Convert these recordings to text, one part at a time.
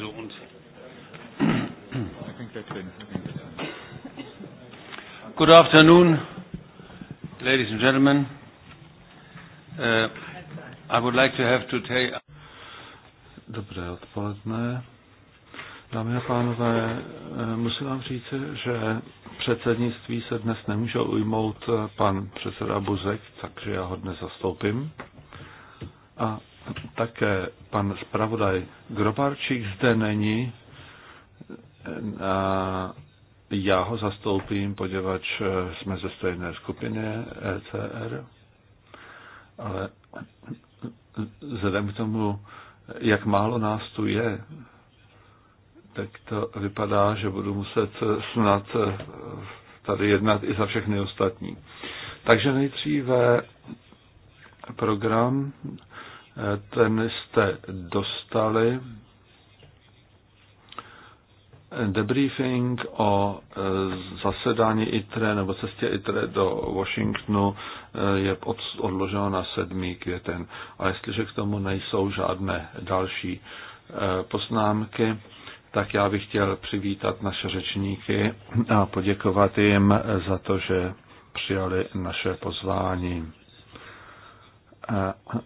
So und Good afternoon, ladies and gentlemen. Uh, I would like to have to take... Dobré odpoledne. Dámy a pánové, eh, musím vám říct, že předsednictví se dnes nemůže ujmout eh, pan předseda Buzek, takže já ho dnes zastoupím. A také pan zpravodaj Grobarčík zde není. A já ho zastoupím, podívat eh, jsme ze stejné skupiny ECR, ale vzhledem k tomu, jak málo nás tu je, tak to vypadá, že budu muset eh, snad eh, tady jednat i za všechny ostatní. Takže nejdříve program ten jste dostali debriefing o e, zasedání ITRE nebo cestě ITRE do Washingtonu e, je odloženo na 7. květen. A jestliže k tomu nejsou žádné další e, poznámky, tak já bych chtěl přivítat naše řečníky a poděkovat jim za to, že přijali naše pozvání. Eh, eh,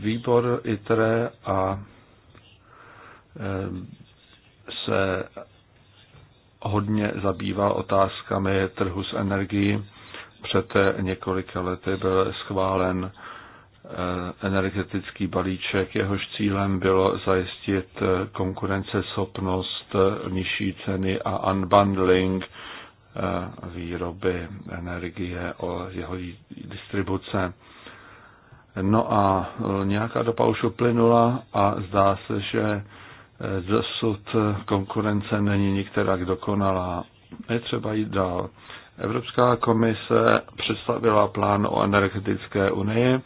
výbor ITRE a eh, se hodně zabývá otázkami trhu s energií. Před několika lety byl schválen energetický balíček. Jehož cílem bylo zajistit konkurenceschopnost, nižší ceny a unbundling výroby energie o jeho distribuce. No a e, nějaká dopa už uplynula a zdá se, že e, dosud konkurence není nikterak dokonalá. Je třeba jít dál. Evropská komise představila plán o energetické unii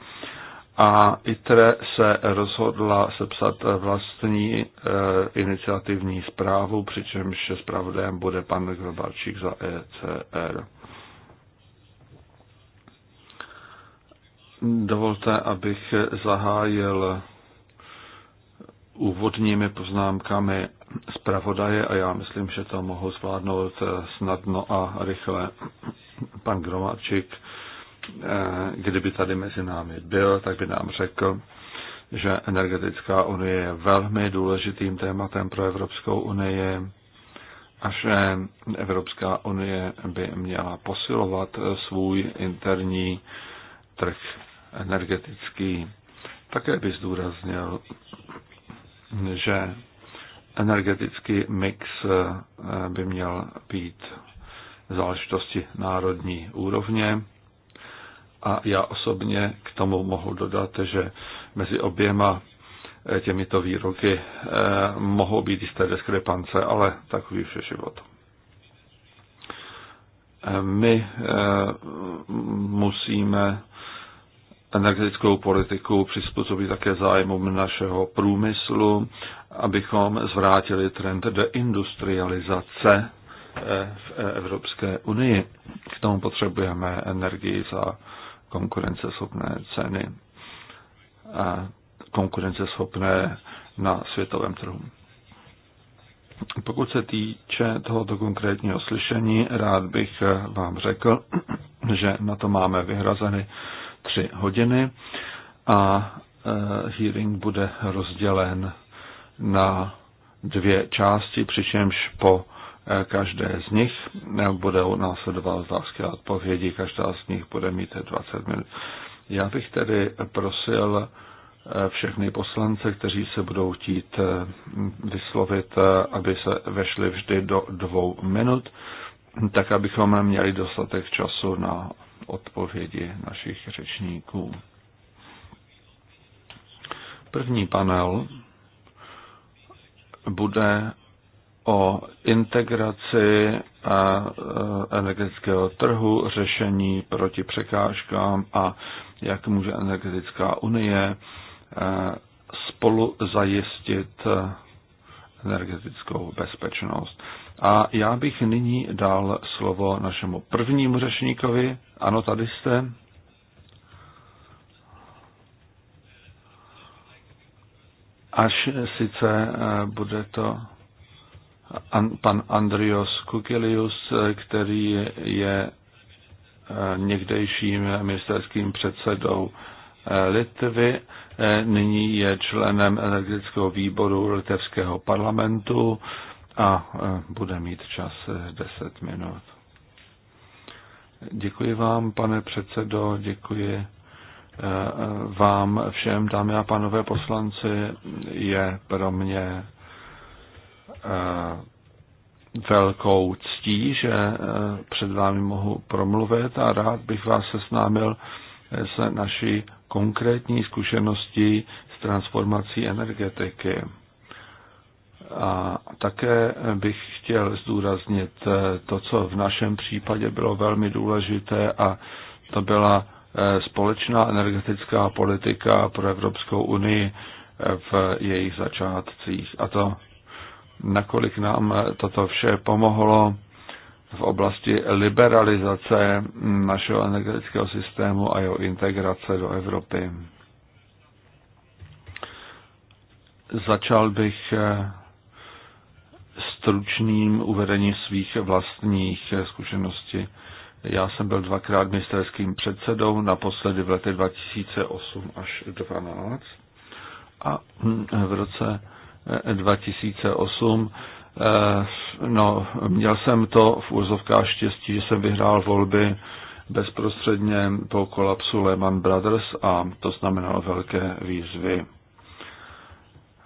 a ITRE se rozhodla sepsat vlastní e, iniciativní zprávu, přičemž zpravodajem bude pan Grobarčík za ECR. Dovolte, abych zahájil úvodními poznámkami zpravodaje a já myslím, že to mohu zvládnout snadno a rychle. Pan Gromáčik, eh, kdyby tady mezi námi byl, tak by nám řekl, že energetická unie je velmi důležitým tématem pro Evropskou unii a že Evropská unie by měla posilovat svůj interní trh energetický. Také bych zdůraznil, že energetický mix eh, by měl být záležitosti národní úrovně. A já osobně k tomu mohu dodat, že mezi oběma eh, těmito výroky eh, mohou být jisté diskrepance, ale takový vše život. My musíme energetickou politiku přizpůsobit také zájmům našeho průmyslu, abychom zvrátili trend deindustrializace eh, v Evropské unii. K tomu potřebujeme energii za konkurenceschopné ceny a konkurenceschopné na světovém trhu. Pokud se týče tohoto konkrétního slyšení, rád bych vám řekl, že na to máme vyhrazeny tři hodiny a eh, hearing bude rozdělen na dvě části, přičemž po eh, každé z nich eh, budou následovat otázky a odpovědi, každá z nich bude mít 20 minut. Já bych tedy prosil všechny poslance, kteří se budou chtít vyslovit, aby se vešli vždy do dvou minut, tak abychom měli dostatek času na odpovědi našich řečníků. První panel bude o integraci e, energetického trhu, řešení proti překážkám a jak může energetická unie e, spolu zajistit e, energetickou bezpečnost. A já bych nyní dal slovo našemu prvnímu řečníkovi, ano, tady jste. Až sice eh, bude to pan Andrios Kukelius, eh, který je eh, někdejším ministerským předsedou Litvy, nyní je členem energetického výboru litevského parlamentu a bude mít čas 10 minut. Děkuji vám, pane předsedo, děkuji eh, vám všem, dámy a pánové poslanci. Je pro mě eh, velkou ctí, že eh, před vámi mohu promluvit a rád bych vás seznámil se naší konkrétní zkušeností s transformací energetiky. A také bych chtěl zdůraznit eh, to, co v našem případě bylo velmi důležité a to byla eh, společná energetická politika pro Evropskou unii eh, v jejich začátcích. A to, nakolik nám toto vše pomohlo v oblasti liberalizace mm, našeho energetického systému a jeho integrace do Evropy. Začal bych stručným uvedením svých vlastních zkušeností. Já jsem byl dvakrát ministerským předsedou, naposledy v letech 2008 až 2012 a v roce 2008 eh, eh, no, měl jsem to v úzovkách štěstí, že jsem vyhrál volby bezprostředně po kolapsu Lehman Brothers a to znamenalo velké výzvy.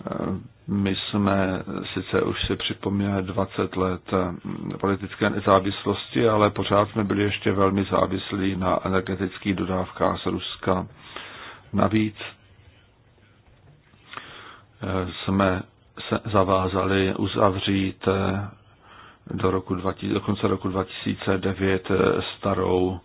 Eh, my jsme sice už si připomněli 20 let eh, politické nezávislosti, ale pořád jsme byli ještě velmi závislí na energetických dodávkách z Ruska. Navíc eh, jsme se zavázali uzavřít eh, do, roku 20, do konce roku 2009 starou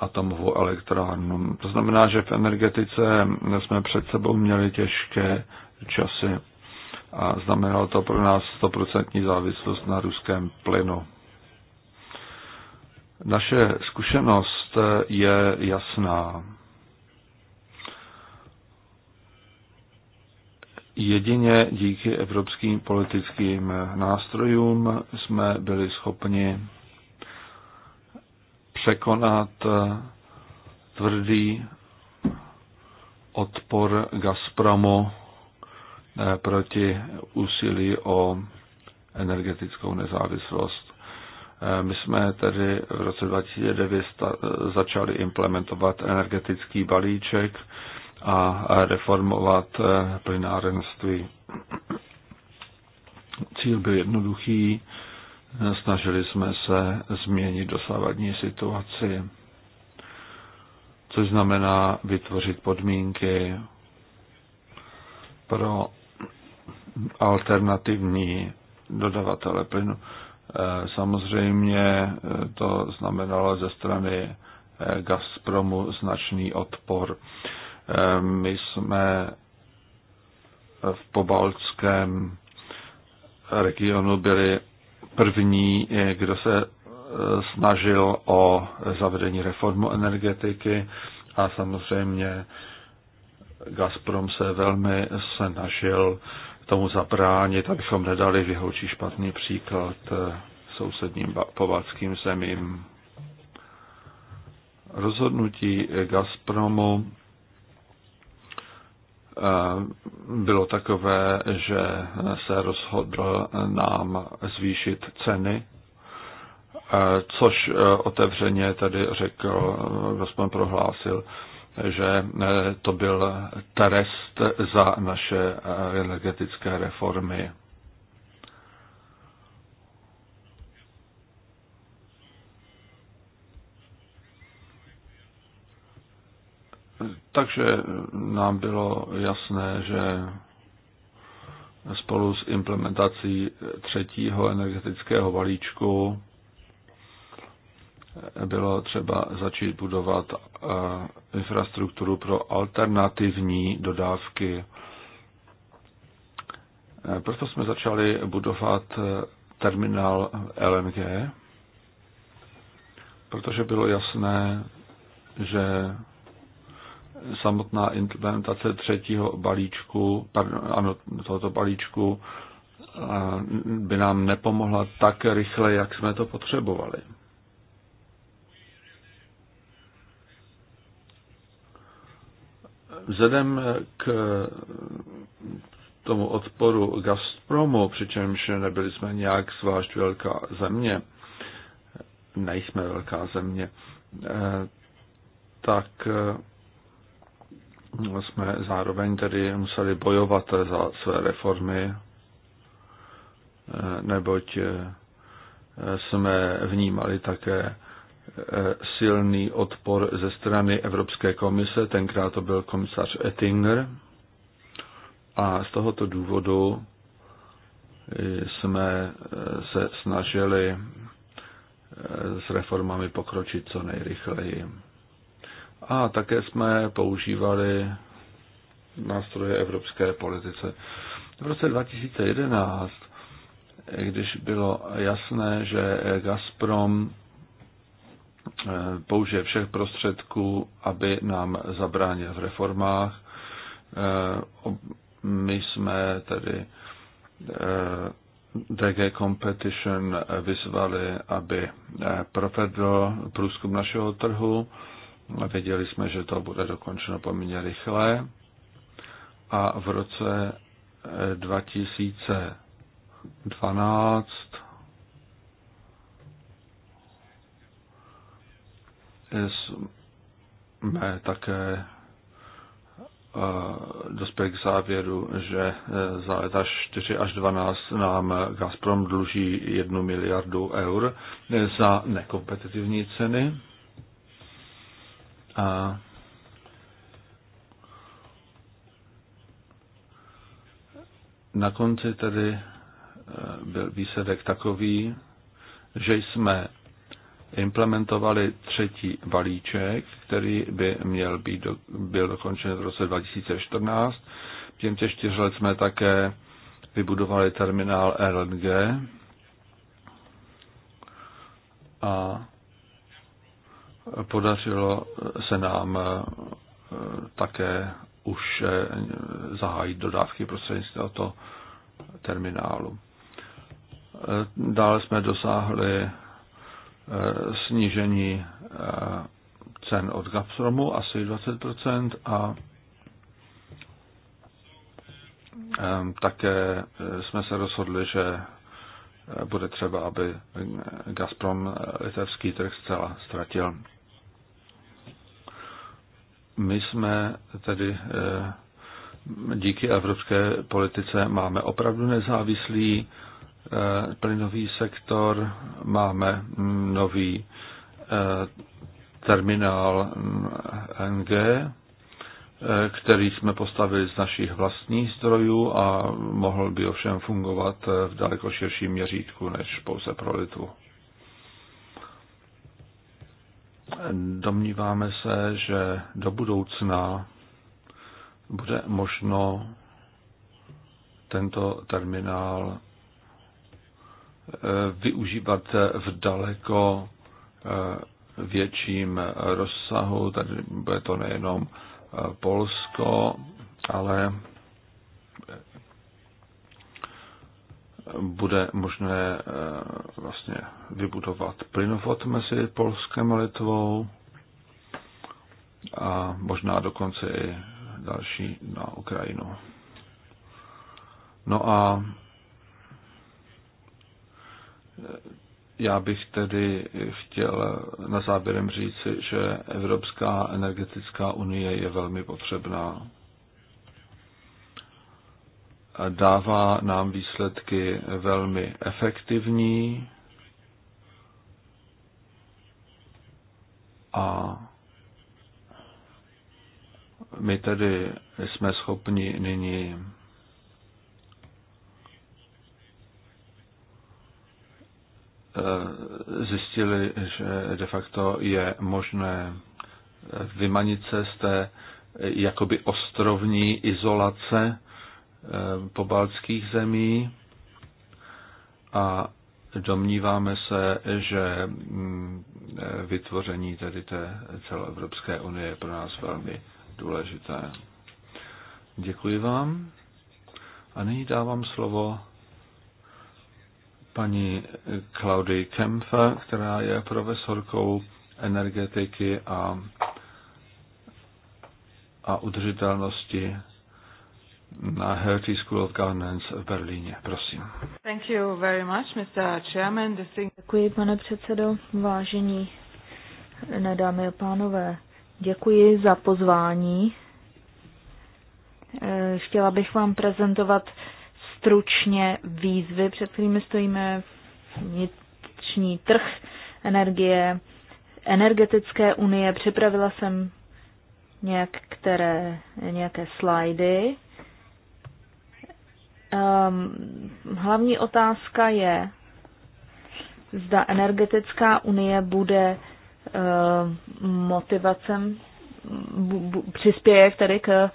atomovou elektrárnu. To znamená, že v energetice jsme před sebou měli těžké časy a znamenalo to pro nás 100% závislost na ruském plynu. Naše zkušenost je jasná. Jedině díky evropským politickým nástrojům jsme byli schopni překonat tvrdý odpor Gazpromu proti úsilí o energetickou nezávislost. My jsme tedy v roce 2009 začali implementovat energetický balíček a reformovat eh, plynárenství. Cíl byl jednoduchý, snažili jsme se změnit dosávadní situaci, což znamená vytvořit podmínky pro alternativní dodavatele plynu. Eh, samozřejmě eh, to znamenalo ze strany eh, Gazpromu značný odpor. My jsme v pobaltském regionu byli první, kdo se snažil o zavedení reformu energetiky a samozřejmě Gazprom se velmi snažil tomu zabránit, abychom nedali vyhoučí špatný příklad eh, sousedním povádským zemím. Rozhodnutí Gazpromu eh, bylo takové, že se rozhodl nám zvýšit ceny, eh, což otevřeně tady řekl, Gazprom prohlásil, že eh, to byl trest za naše eh, energetické reformy. Takže nám bylo jasné, že spolu s implementací třetího energetického balíčku bylo třeba začít budovat eh, infrastrukturu pro alternativní dodávky. Eh, proto jsme začali budovat eh, terminál LNG, protože bylo jasné, že samotná implementace třetího balíčku, ano, tohoto balíčku by nám nepomohla tak rychle, jak jsme to potřebovali. Vzhledem k tomu odporu Gazpromu, přičemž nebyli jsme nějak zvlášť velká země, nejsme velká země, tak jsme zároveň tedy museli bojovat za své reformy, neboť jsme vnímali také Eh, silný odpor ze strany Evropské komise, tenkrát to byl komisař Ettinger, a z tohoto důvodu eh, jsme eh, se snažili s reformami pokročit co nejrychleji. A také jsme používali nástroje evropské politice. V roce 2011, když bylo jasné, že Gazprom Eh, použije všech prostředků, aby nám zabránil v reformách. Eh, my jsme tedy eh, DG Competition vyzvali, aby provedl průzkum našeho trhu. Věděli jsme, že to bude dokončeno poměrně rychle. A v roce 2012 jsme také eh, dospěli k závěru, že eh, za leta 4 až 12 nám Gazprom dluží 1 miliardu eur eh, za nekompetitivní ceny. A na konci tedy byl výsledek takový, že jsme implementovali třetí balíček, který by měl být do, byl dokončen v roce 2014. Těm těch čtyř let jsme také vybudovali terminál LNG a podařilo se nám eh, také už eh, zahájit dodávky prostřednictvím tohoto terminálu. Eh, dále jsme dosáhli Eh, snížení eh, cen od Gazpromu asi 20% a eh, také jsme se rozhodli, že bude třeba, aby Gazprom litevský trh zcela ztratil. My jsme tedy díky evropské politice máme opravdu nezávislý Eh, plynový sektor, máme nový eh, terminál NG, eh, který jsme postavili z našich vlastních zdrojů a mohl by ovšem fungovat v daleko širším měřítku než pouze pro Litvu. Domníváme se, že do budoucna bude možno tento terminál Eh, využívat v daleko eh, větším rozsahu. Tady bude to nejenom eh, Polsko, ale bude možné vlastně vybudovat plynovod mezi Polskem a Litvou a možná dokonce i další na Ukrajinu. No a já bych tedy chtěl na závěrem říci, že Evropská energetická unie je velmi potřebná. Dává nám výsledky velmi efektivní a my tedy jsme schopni nyní Eh, zjistili, že de facto je možné vymanit se z té eh, jakoby ostrovní izolace eh, pobaltských zemí a domníváme se, že mm, vytvoření tedy té celoevropské unie je pro nás velmi důležité. Děkuji vám. A nyní dávám slovo paní Klaudy Kempfe, která je profesorkou energetiky a, a udržitelnosti na Hertie School of Governance v Berlíně. Prosím. Thank you very much, Mr. Chairman. Thing... Děkuji, pane předsedo, vážení dámy a pánové. Děkuji za pozvání. Eh, chtěla bych vám prezentovat stručně výzvy, před kterými stojíme vnitřní trh energie, energetické unie. Připravila jsem nějak, které, nějaké slajdy. Um, hlavní otázka je, zda energetická unie bude uh, motivacem, bu, bu, přispěje tedy k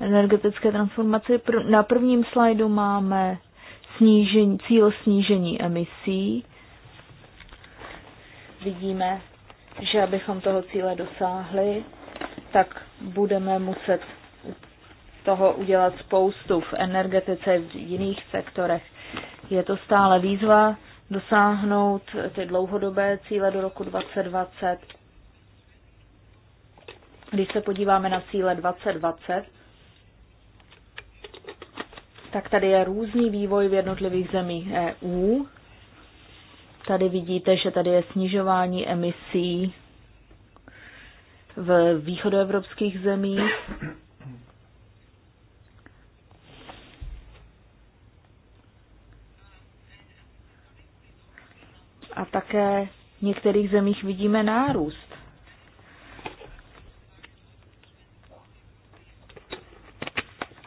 energetické transformaci. Na prvním slajdu máme snížení, cíl snížení emisí. Vidíme, že abychom toho cíle dosáhli, tak budeme muset toho udělat spoustu v energetice, v jiných sektorech. Je to stále výzva dosáhnout ty dlouhodobé cíle do roku 2020. Když se podíváme na cíle 2020, tak tady je různý vývoj v jednotlivých zemích EU. Tady vidíte, že tady je snižování emisí v východoevropských zemích. A také v některých zemích vidíme nárůst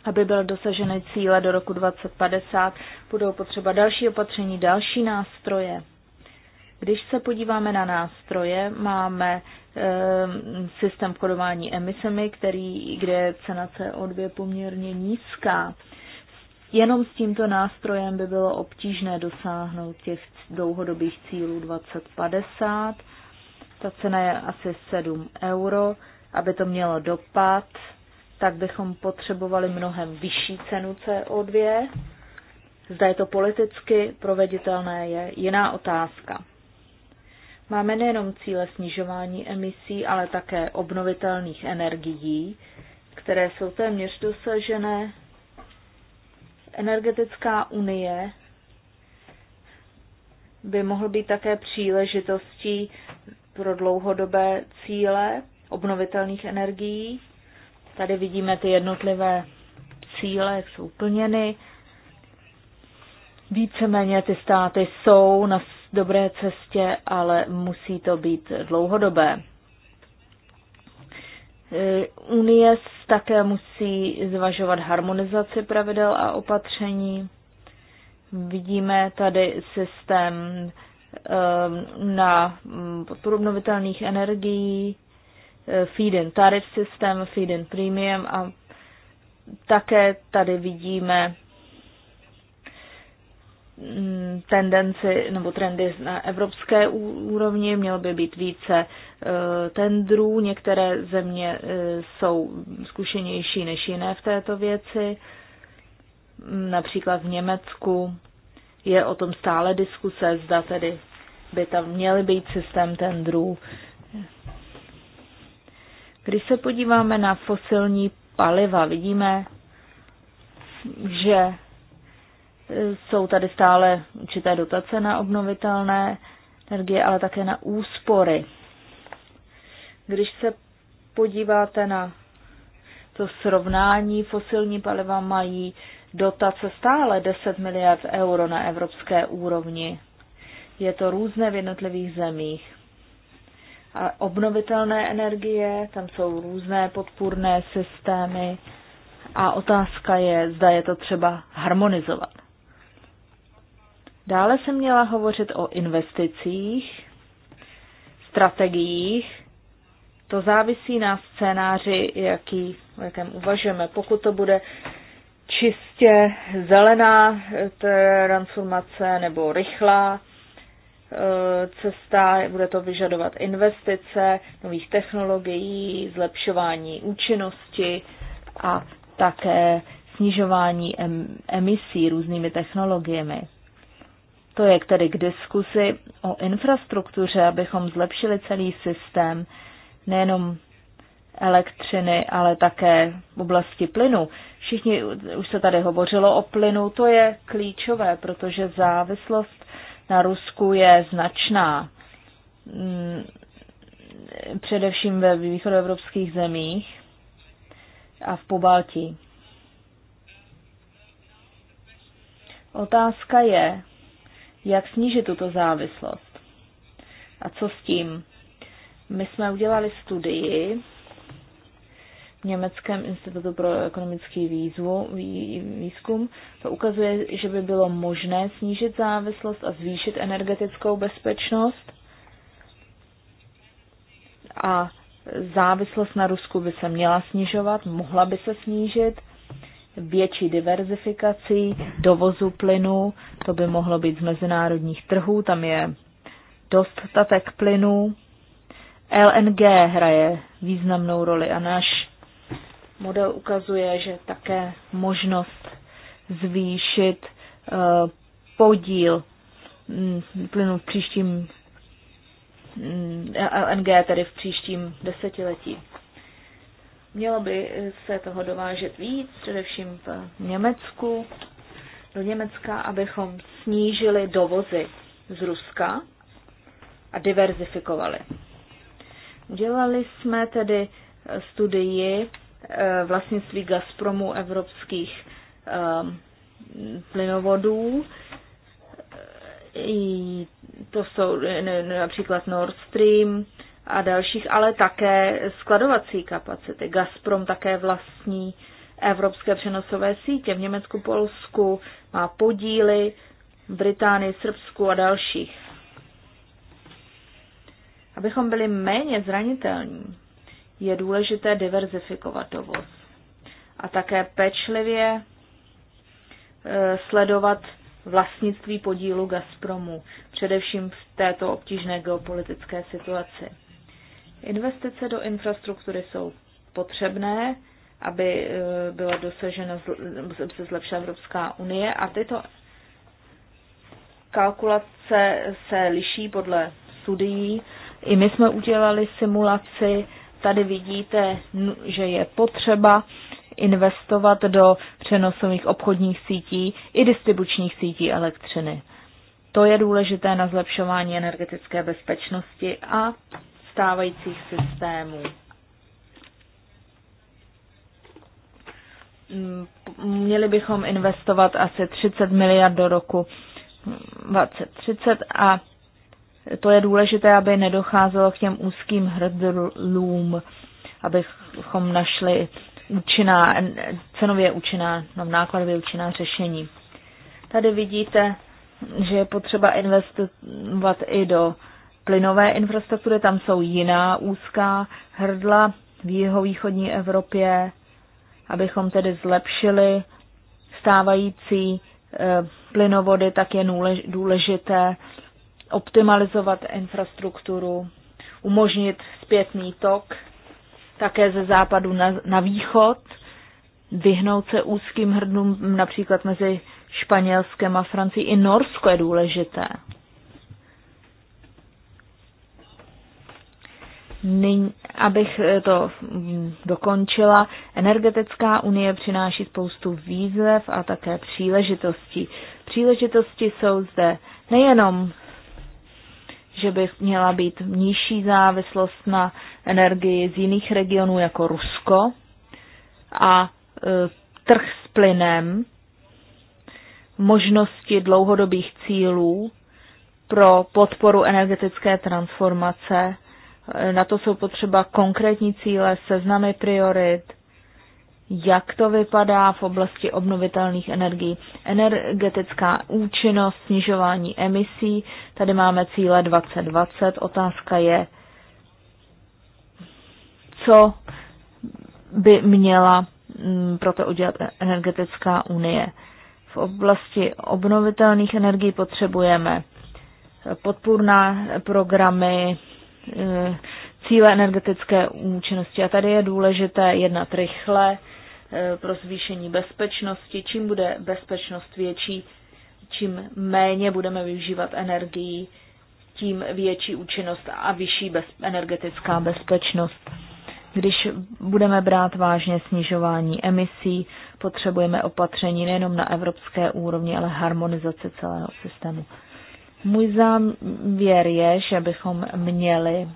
aby byl dosaženy cíle do roku 2050, budou potřeba další opatření, další nástroje. Když se podíváme na nástroje, máme e, systém kodování emisemi, který, kde je cena CO2 poměrně nízká. Jenom s tímto nástrojem by bylo obtížné dosáhnout těch dlouhodobých cílů 2050. Ta cena je asi 7 euro. Aby to mělo dopad, tak bychom potřebovali mnohem vyšší cenu CO2. Zda je to politicky proveditelné, je jiná otázka. Máme nejenom cíle snižování emisí, ale také obnovitelných energií, které jsou téměř dosažené. Energetická unie by mohl být také příležitostí pro dlouhodobé cíle obnovitelných energií Tady vidíme ty jednotlivé cíle, jak jsou plněny. Víceméně ty státy jsou na dobré cestě, ale musí to být dlouhodobé. Eh, Unie také musí zvažovat harmonizaci pravidel a opatření. Vidíme tady systém eh, na mm, podporu energií, feed-in tarif systém, feed-in premium a také tady vidíme mm, tendenci nebo trendy na evropské úrovni. Mělo by být více e, tendrů. Některé země e, jsou zkušenější než jiné v této věci. Například v Německu je o tom stále diskuse, zda tedy by tam měly být systém tendrů. Když se podíváme na fosilní paliva, vidíme, že e, jsou tady stále určité dotace na obnovitelné energie, ale také na úspory. Když se podíváte na to srovnání, fosilní paliva mají dotace stále 10 miliard euro na evropské úrovni. Je to různé v jednotlivých zemích. Ale obnovitelné energie, tam jsou různé podpůrné systémy a otázka je, zda je to třeba harmonizovat. Dále jsem měla hovořit o investicích, strategiích. To závisí na scénáři, jaký, o jakém uvažujeme. Pokud to bude čistě zelená transformace nebo rychlá, Eh, cesta, bude to vyžadovat investice, nových technologií, zlepšování účinnosti a také snižování emisí různými technologiemi. To je tedy k diskusi o infrastruktuře, abychom zlepšili celý systém nejenom elektřiny, ale také v oblasti plynu. Všichni už se tady hovořilo o plynu, to je klíčové, protože závislost na Rusku je značná, mm, především ve východoevropských zemích a v Pobaltí. Otázka je, jak snížit tuto závislost. A co s tím? My jsme udělali studii, Německém institutu pro ekonomický výzvu, výzkum. To ukazuje, že by bylo možné snížit závislost a zvýšit energetickou bezpečnost. A závislost na Rusku by se měla snižovat, mohla by se snížit větší diverzifikací dovozu plynu, to by mohlo být z mezinárodních trhů, tam je dostatek plynu. LNG hraje významnou roli a náš Model ukazuje, že také možnost zvýšit eh, podíl mm, plynu v příštím mm, LNG tedy v příštím desetiletí. Mělo by eh, se toho dovážet víc, především v Německu, do Německa, abychom snížili dovozy z Ruska a diverzifikovali. Udělali jsme tedy eh, studii Eh, vlastnictví Gazpromu evropských eh, plynovodů. To jsou například Nord Stream a dalších, ale také skladovací kapacity. Gazprom také vlastní evropské přenosové sítě v Německu, Polsku, má podíly v Británii, Srbsku a dalších. Abychom byli méně zranitelní, je důležité diverzifikovat dovoz a také pečlivě e, sledovat vlastnictví podílu Gazpromu, především v této obtížné geopolitické situaci. Investice do infrastruktury jsou potřebné, aby e, byla dosažena, aby se zlepšila Evropská unie a tyto kalkulace se liší podle studií. I my jsme udělali simulaci Tady vidíte, že je potřeba investovat do přenosových obchodních sítí i distribučních sítí elektřiny. To je důležité na zlepšování energetické bezpečnosti a stávajících systémů. Mm, měli bychom investovat asi 30 miliard do roku 2030 a to je důležité, aby nedocházelo k těm úzkým hrdlům, abychom našli účinná, cenově účinná, no, nákladově účinná řešení. Tady vidíte, že je potřeba investovat i do plynové infrastruktury, tam jsou jiná úzká hrdla v jihovýchodní Evropě, abychom tedy zlepšili stávající eh, plynovody, tak je důležité optimalizovat infrastrukturu, umožnit zpětný tok také ze západu na, na východ, vyhnout se úzkým hrdnům například mezi Španělskem a Francií. I Norsko je důležité. Nyní, abych eh, to mm, dokončila, energetická unie přináší spoustu výzev a také příležitostí. Příležitosti jsou zde nejenom že by měla být nižší závislost na energii z jiných regionů jako Rusko a e, trh s plynem, možnosti dlouhodobých cílů pro podporu energetické transformace. E, na to jsou potřeba konkrétní cíle, seznamy priorit, jak to vypadá v oblasti obnovitelných energií, energetická účinnost, snižování emisí. Tady máme cíle 2020. Otázka je, co by měla mm, proto udělat energetická unie. V oblasti obnovitelných energií potřebujeme podpůrná programy, eh, cíle energetické účinnosti. A tady je důležité jednat rychle, Eh, pro zvýšení bezpečnosti. Čím bude bezpečnost větší, čím méně budeme využívat energii, tím větší účinnost a vyšší bez, energetická bezpečnost. Když budeme brát vážně snižování emisí, potřebujeme opatření nejenom na evropské úrovni, ale harmonizace celého systému. Můj závěr je, že bychom měli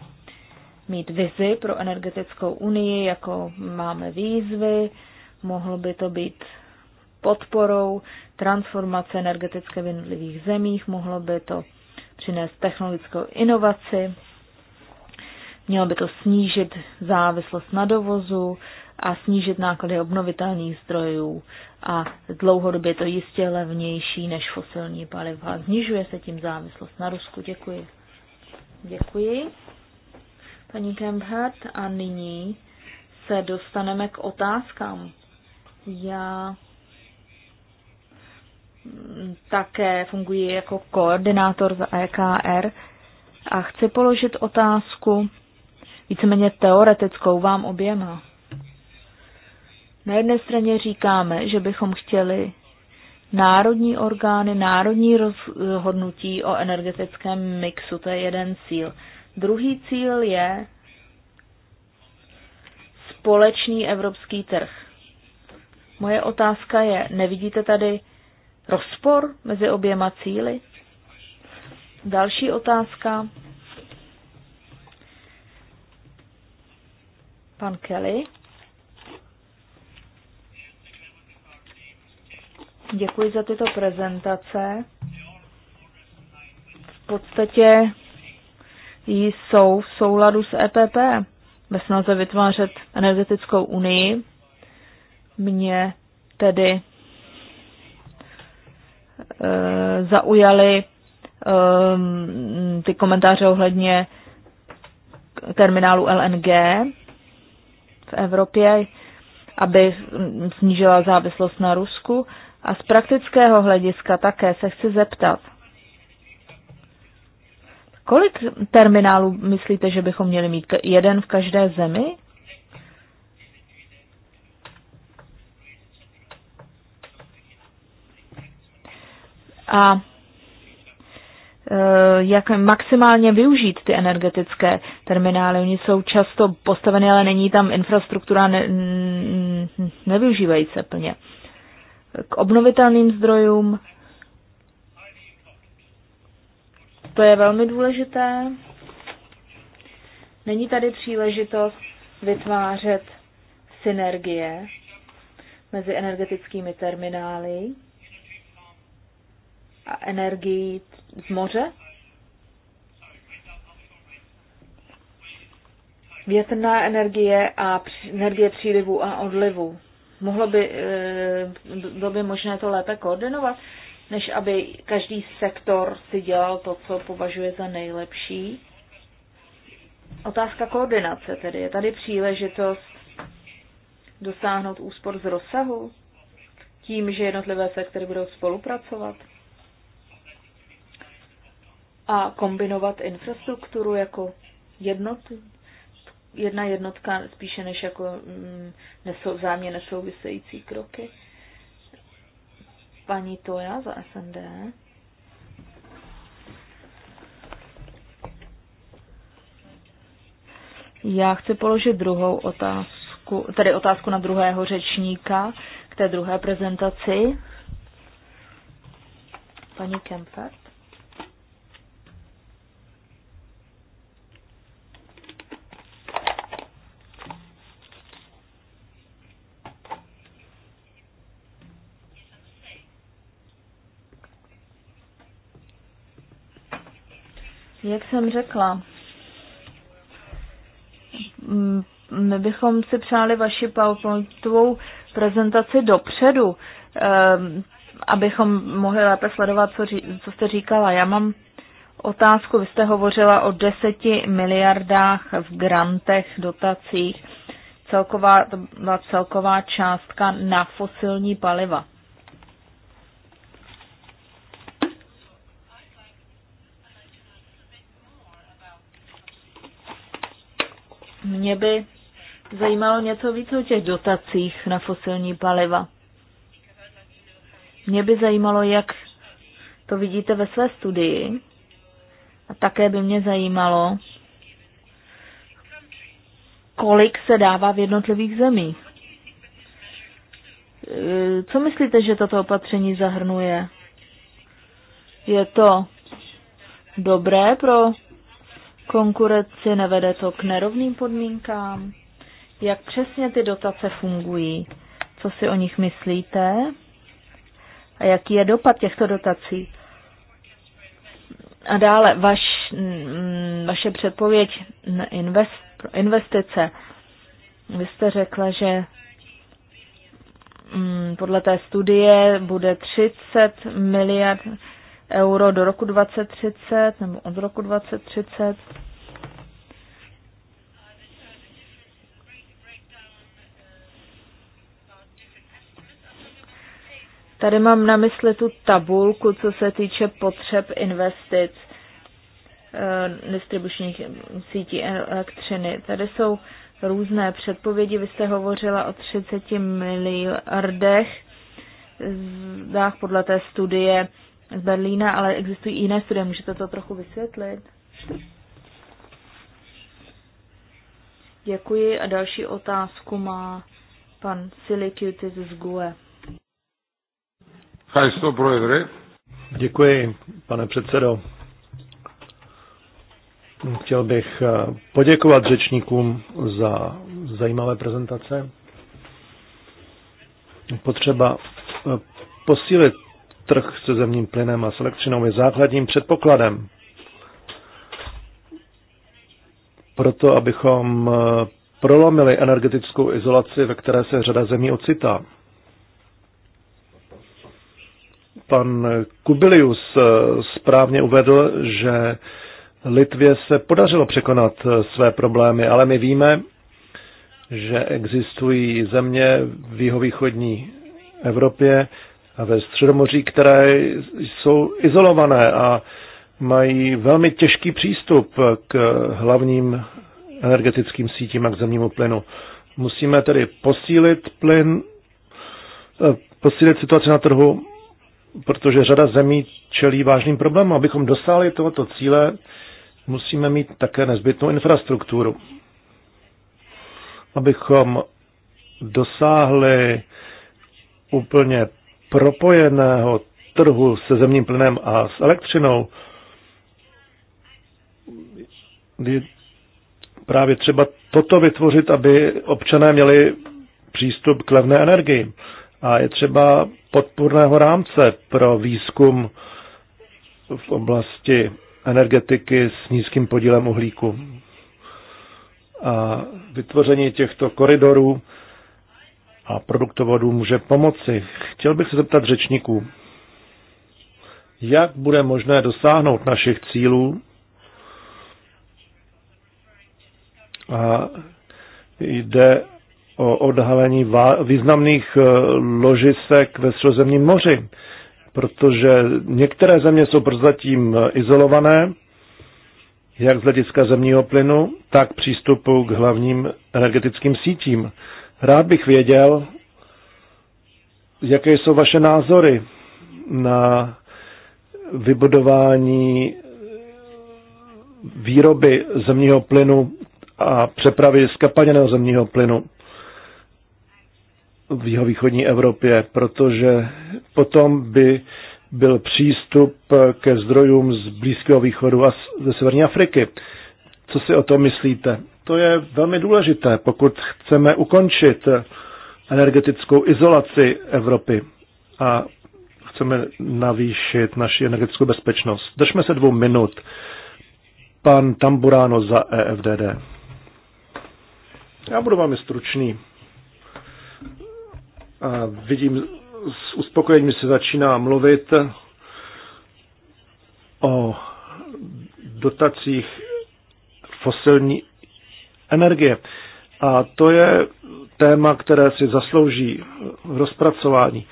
mít vizi pro energetickou unii, jako máme výzvy, Mohlo by to být podporou transformace energetické v jednotlivých zemích, mohlo by to přinést technologickou inovaci, mělo by to snížit závislost na dovozu a snížit náklady obnovitelných zdrojů a dlouhodobě to jistě levnější než fosilní paliva. Znižuje se tím závislost na Rusku. Děkuji. Děkuji. Paní Kemphardt a nyní se dostaneme k otázkám já mm, také funguji jako koordinátor za EKR a chci položit otázku víceméně teoretickou vám oběma. Na jedné straně říkáme, že bychom chtěli národní orgány, národní rozhodnutí o energetickém mixu, to je jeden cíl. Druhý cíl je společný evropský trh. Moje otázka je, nevidíte tady rozpor mezi oběma cíly? Další otázka. Pan Kelly. Děkuji za tyto prezentace. V podstatě jsou v souladu s EPP ve snaze vytvářet energetickou unii mě tedy e, eh, zaujaly e, ehm, ty komentáře ohledně terminálu LNG v Evropě, aby snížila závislost na Rusku. A z praktického hlediska také se chci zeptat, kolik terminálů myslíte, že bychom měli mít? Jeden v každé zemi? a e, jak maximálně využít ty energetické terminály. Oni jsou často postaveny, ale není tam infrastruktura, ne, nevyužívají se plně. K obnovitelným zdrojům to je velmi důležité. Není tady příležitost vytvářet synergie mezi energetickými terminály a energii z moře. Větrná energie a energie přílivu a odlivu. Mohlo by, eh, bylo by možné to lépe koordinovat, než aby každý sektor si dělal to, co považuje za nejlepší. Otázka koordinace tedy. Je tady příležitost dosáhnout úspor z rozsahu tím, že jednotlivé sektory budou spolupracovat? a kombinovat infrastrukturu jako jednotu, jedna jednotka spíše než jako mm, nesou, vzájemně nesouvisející kroky. Paní Toja za SND. Já chci položit druhou otázku, tedy otázku na druhého řečníka k té druhé prezentaci. Paní Kempfert. Jak jsem řekla, my bychom si přáli vaši PowerPointovou prezentaci dopředu, ehm, abychom mohli lépe sledovat, co, ří, co jste říkala. Já mám otázku. Vy jste hovořila o deseti miliardách v grantech, dotacích. Celková, to byla celková částka na fosilní paliva. Mě by zajímalo něco víc o těch dotacích na fosilní paliva. Mě by zajímalo, jak to vidíte ve své studii. A také by mě zajímalo, kolik se dává v jednotlivých zemích. E, co myslíte, že toto opatření zahrnuje? Je to dobré pro konkurenci, nevede to k nerovným podmínkám? Jak přesně ty dotace fungují? Co si o nich myslíte? A jaký je dopad těchto dotací? A dále, vaš, mm, vaše předpověď na invest, investice. Vy jste řekla, že mm, podle té studie bude 30 miliard euro do roku 2030 nebo od roku 2030. Tady mám na mysli tu tabulku, co se týče potřeb investic eh, distribučních sítí elektřiny. Tady jsou různé předpovědi. Vy jste hovořila o 30 miliardech zdách podle té studie z Berlína, ale existují jiné studie. Můžete to trochu vysvětlit? Děkuji a další otázku má pan Silikiutis z GUE. Děkuji, pane předsedo. Chtěl bych eh, poděkovat řečníkům za zajímavé prezentace. Potřeba eh, posílit trh se zemním plynem a s elektřinou je základním předpokladem. Proto, abychom eh, prolomili energetickou izolaci, ve které se řada zemí ocitá. Pan Kubilius eh, správně uvedl, že Litvě se podařilo překonat eh, své problémy, ale my víme, že existují země v jihovýchodní Evropě, a ve Středomoří, které jsou izolované a mají velmi těžký přístup k hlavním energetickým sítím a k zemnímu plynu. Musíme tedy posílit plyn, eh, posílit situaci na trhu, protože řada zemí čelí vážným problémům. Abychom dosáhli tohoto cíle, musíme mít také nezbytnou infrastrukturu. Abychom dosáhli úplně propojeného trhu se zemním plynem a s elektřinou, je právě třeba toto vytvořit, aby občané měli přístup k levné energii. A je třeba podpůrného rámce pro výzkum v oblasti energetiky s nízkým podílem uhlíku. A vytvoření těchto koridorů a produktovodů může pomoci. Chtěl bych se zeptat řečníků, jak bude možné dosáhnout našich cílů a jde o odhalení významných eh, ložisek ve Středozemním moři, protože některé země jsou prozatím eh, izolované, jak z hlediska zemního plynu, tak přístupu k hlavním energetickým sítím. Rád bych věděl, jaké jsou vaše názory na vybudování výroby zemního plynu a přepravy skapaněného zemního plynu v jihovýchodní Evropě, protože potom by byl přístup ke zdrojům z Blízkého východu a ze Severní Afriky. Co si o tom myslíte? To je velmi důležité, pokud chceme ukončit energetickou izolaci Evropy a chceme navýšit naši energetickou bezpečnost. Držme se dvou minut. Pan Tamburáno za EFDD. Já budu velmi stručný. A vidím, s uspokojením se začíná mluvit o dotacích fosilní energie. A to je téma, které si zaslouží rozpracování.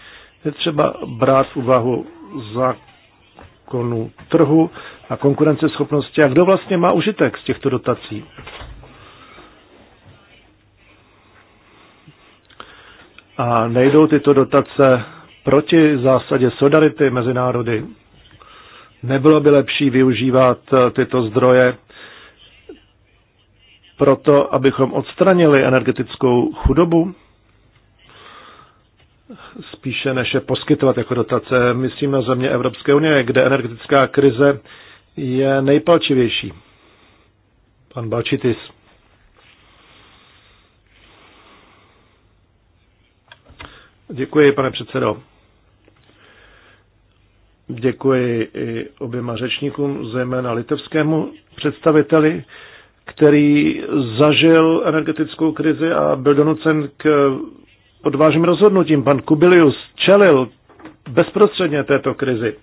Je třeba brát v úvahu zákonu trhu a konkurenceschopnosti a kdo vlastně má užitek z těchto dotací. A nejdou tyto dotace proti zásadě solidarity mezi národy. Nebylo by lepší využívat tyto zdroje proto, abychom odstranili energetickou chudobu? Spíše než je poskytovat jako dotace, myslím na země Evropské unie, kde energetická krize je nejpalčivější. Pan Balčitis. Děkuji, pane předsedo. Děkuji i oběma řečníkům, zejména litevskému představiteli který zažil energetickou krizi a byl donucen k odvážným rozhodnutím. Pan Kubilius čelil bezprostředně této krizi.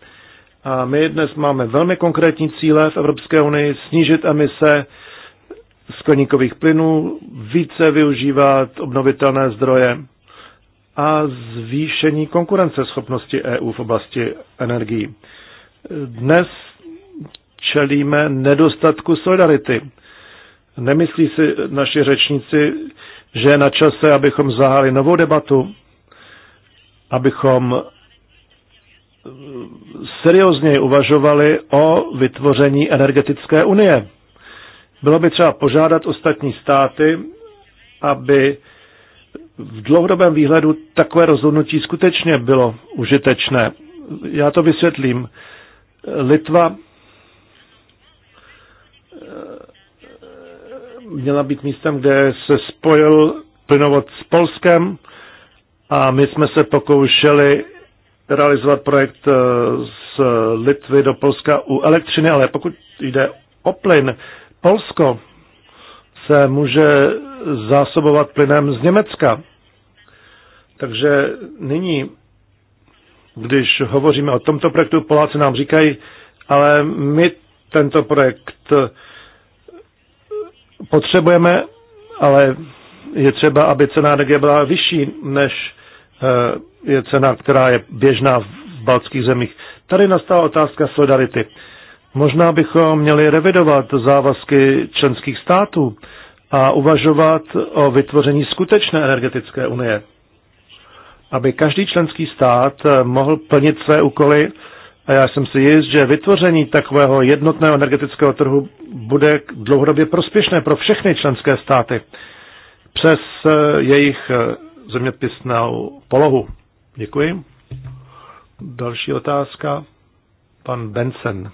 A my dnes máme velmi konkrétní cíle v Evropské unii snížit emise skleníkových plynů, více využívat obnovitelné zdroje a zvýšení konkurenceschopnosti EU v oblasti energií. Dnes čelíme nedostatku solidarity Nemyslí si naši řečníci, že je na čase, abychom zahali novou debatu, abychom eh, seriózně uvažovali o vytvoření energetické unie. Bylo by třeba požádat ostatní státy, aby v dlouhodobém výhledu takové rozhodnutí skutečně bylo užitečné. Já to vysvětlím. Litva eh, měla být místem, kde se spojil plynovod s Polskem a my jsme se pokoušeli realizovat projekt eh, z Litvy do Polska u elektřiny, ale pokud jde o plyn, Polsko se může zásobovat plynem z Německa. Takže nyní, když hovoříme o tomto projektu, Poláci nám říkají, ale my tento projekt potřebujeme, ale je třeba, aby cena energie byla vyšší, než eh, je cena, která je běžná v baltských zemích. Tady nastala otázka solidarity. Možná bychom měli revidovat závazky členských států a uvažovat o vytvoření skutečné energetické unie, aby každý členský stát eh, mohl plnit své úkoly a já jsem si jist, že vytvoření takového jednotného energetického trhu bude dlouhodobě prospěšné pro všechny členské státy přes eh, jejich eh, zeměpisnou polohu. Děkuji. Další otázka. Pan Benson.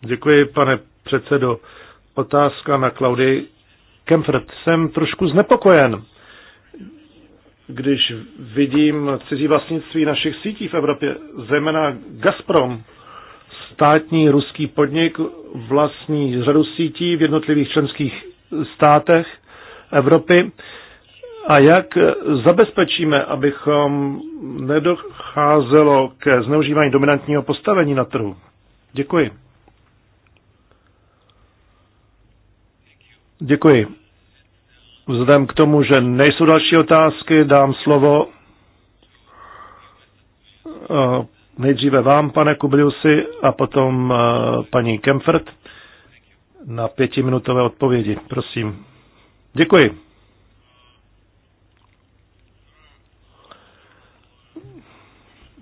Děkuji, pane předsedo. Otázka na Klaudy Kemfert. Jsem trošku znepokojen když vidím cizí vlastnictví našich sítí v Evropě, zejména Gazprom, státní ruský podnik vlastní řadu sítí v jednotlivých členských státech Evropy. A jak zabezpečíme, abychom nedocházelo ke zneužívání dominantního postavení na trhu? Děkuji. Děkuji. Vzhledem k tomu, že nejsou další otázky, dám slovo eh, nejdříve vám, pane Kubliusi, a potom eh, paní Kemfert na pětiminutové odpovědi. Prosím. Děkuji.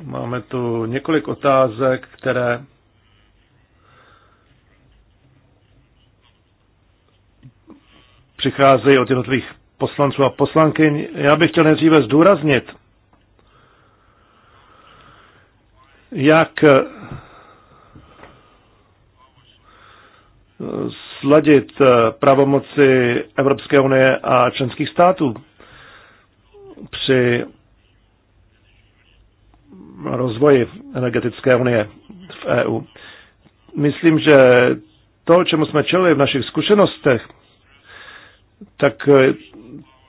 Máme tu několik otázek, které přicházejí od jednotlivých poslanců a poslankyň. Já bych chtěl nejdříve zdůraznit, jak eh, sladit eh, pravomoci Evropské unie a členských států při rozvoji energetické unie v EU. Myslím, že to, čemu jsme čelili v našich zkušenostech, tak eh,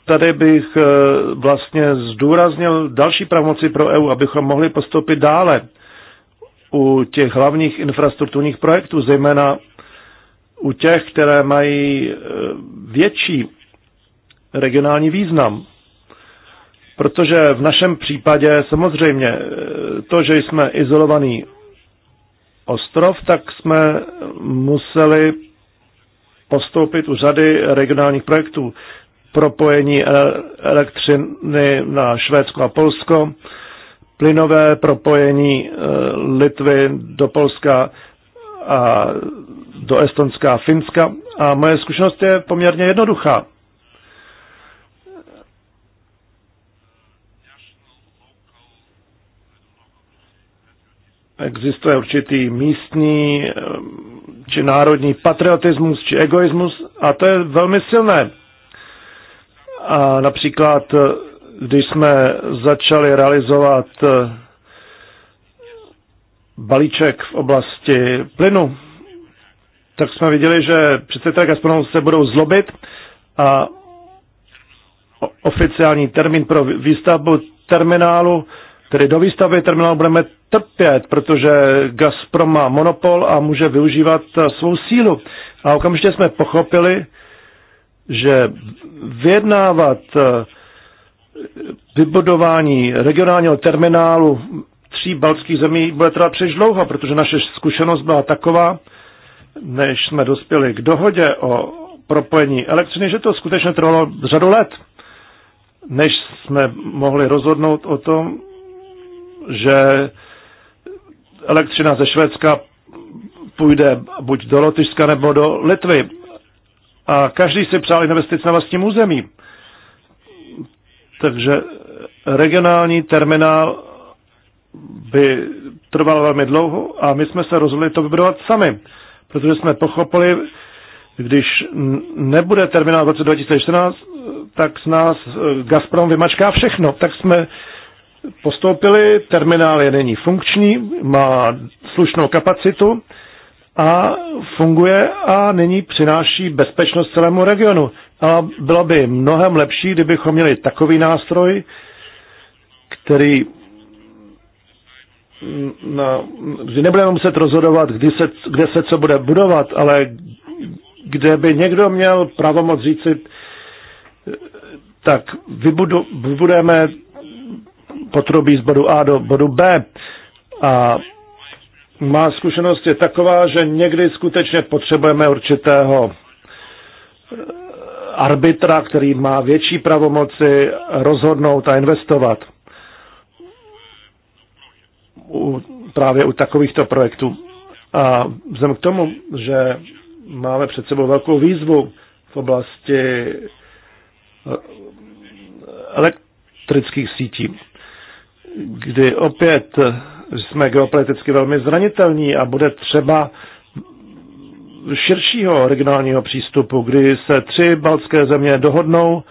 tady bych eh, vlastně zdůraznil další pravomoci pro EU, abychom mohli postoupit dále u těch hlavních infrastrukturních projektů, zejména u těch, které mají eh, větší regionální význam. Protože v našem případě samozřejmě to, že jsme izolovaný ostrov, tak jsme museli postoupit u řady regionálních projektů. Propojení elektřiny na Švédsko a Polsko, plynové propojení e, Litvy do Polska a do Estonska a Finska. A moje zkušenost je poměrně jednoduchá. Existuje určitý místní či národní patriotismus, či egoismus a to je velmi silné. A například, když jsme začali realizovat eh, balíček v oblasti plynu, tak jsme viděli, že předsedové Gazpromu se budou zlobit a oficiální termín pro výstavbu terminálu Tedy do výstavy terminálu budeme trpět, protože Gazprom má monopol a může využívat eh, svou sílu. A okamžitě jsme pochopili, že vyjednávat eh, vybudování regionálního terminálu tří baltských zemí bude trvat příliš dlouho, protože naše zkušenost byla taková, než jsme dospěli k dohodě o propojení elektřiny, že to skutečně trvalo řadu let, než jsme mohli rozhodnout o tom, že elektřina ze Švédska půjde buď do Lotyšska nebo do Litvy. A každý si přál investic na vlastním území. Takže regionální terminál by trval velmi dlouho a my jsme se rozhodli to vybudovat sami, protože jsme pochopili, když nebude terminál v roce 2014, tak z nás Gazprom vymačká všechno. Tak jsme postoupili, terminál je není funkční, má slušnou kapacitu a funguje a nyní přináší bezpečnost celému regionu. A bylo by mnohem lepší, kdybychom měli takový nástroj, který na, že nebudeme muset rozhodovat, kdy se, kde se co bude budovat, ale kde by někdo měl pravomoc říci, tak vybudujeme potrubí z bodu A do bodu B. A má zkušenost je taková, že někdy skutečně potřebujeme určitého eh, arbitra, který má větší pravomoci rozhodnout a investovat u, právě u takovýchto projektů. A vzhledem k tomu, že máme před sebou velkou výzvu v oblasti eh, elektrických sítí, kdy opět jsme geopoliticky velmi zranitelní a bude třeba širšího regionálního přístupu, kdy se tři baltské země dohodnou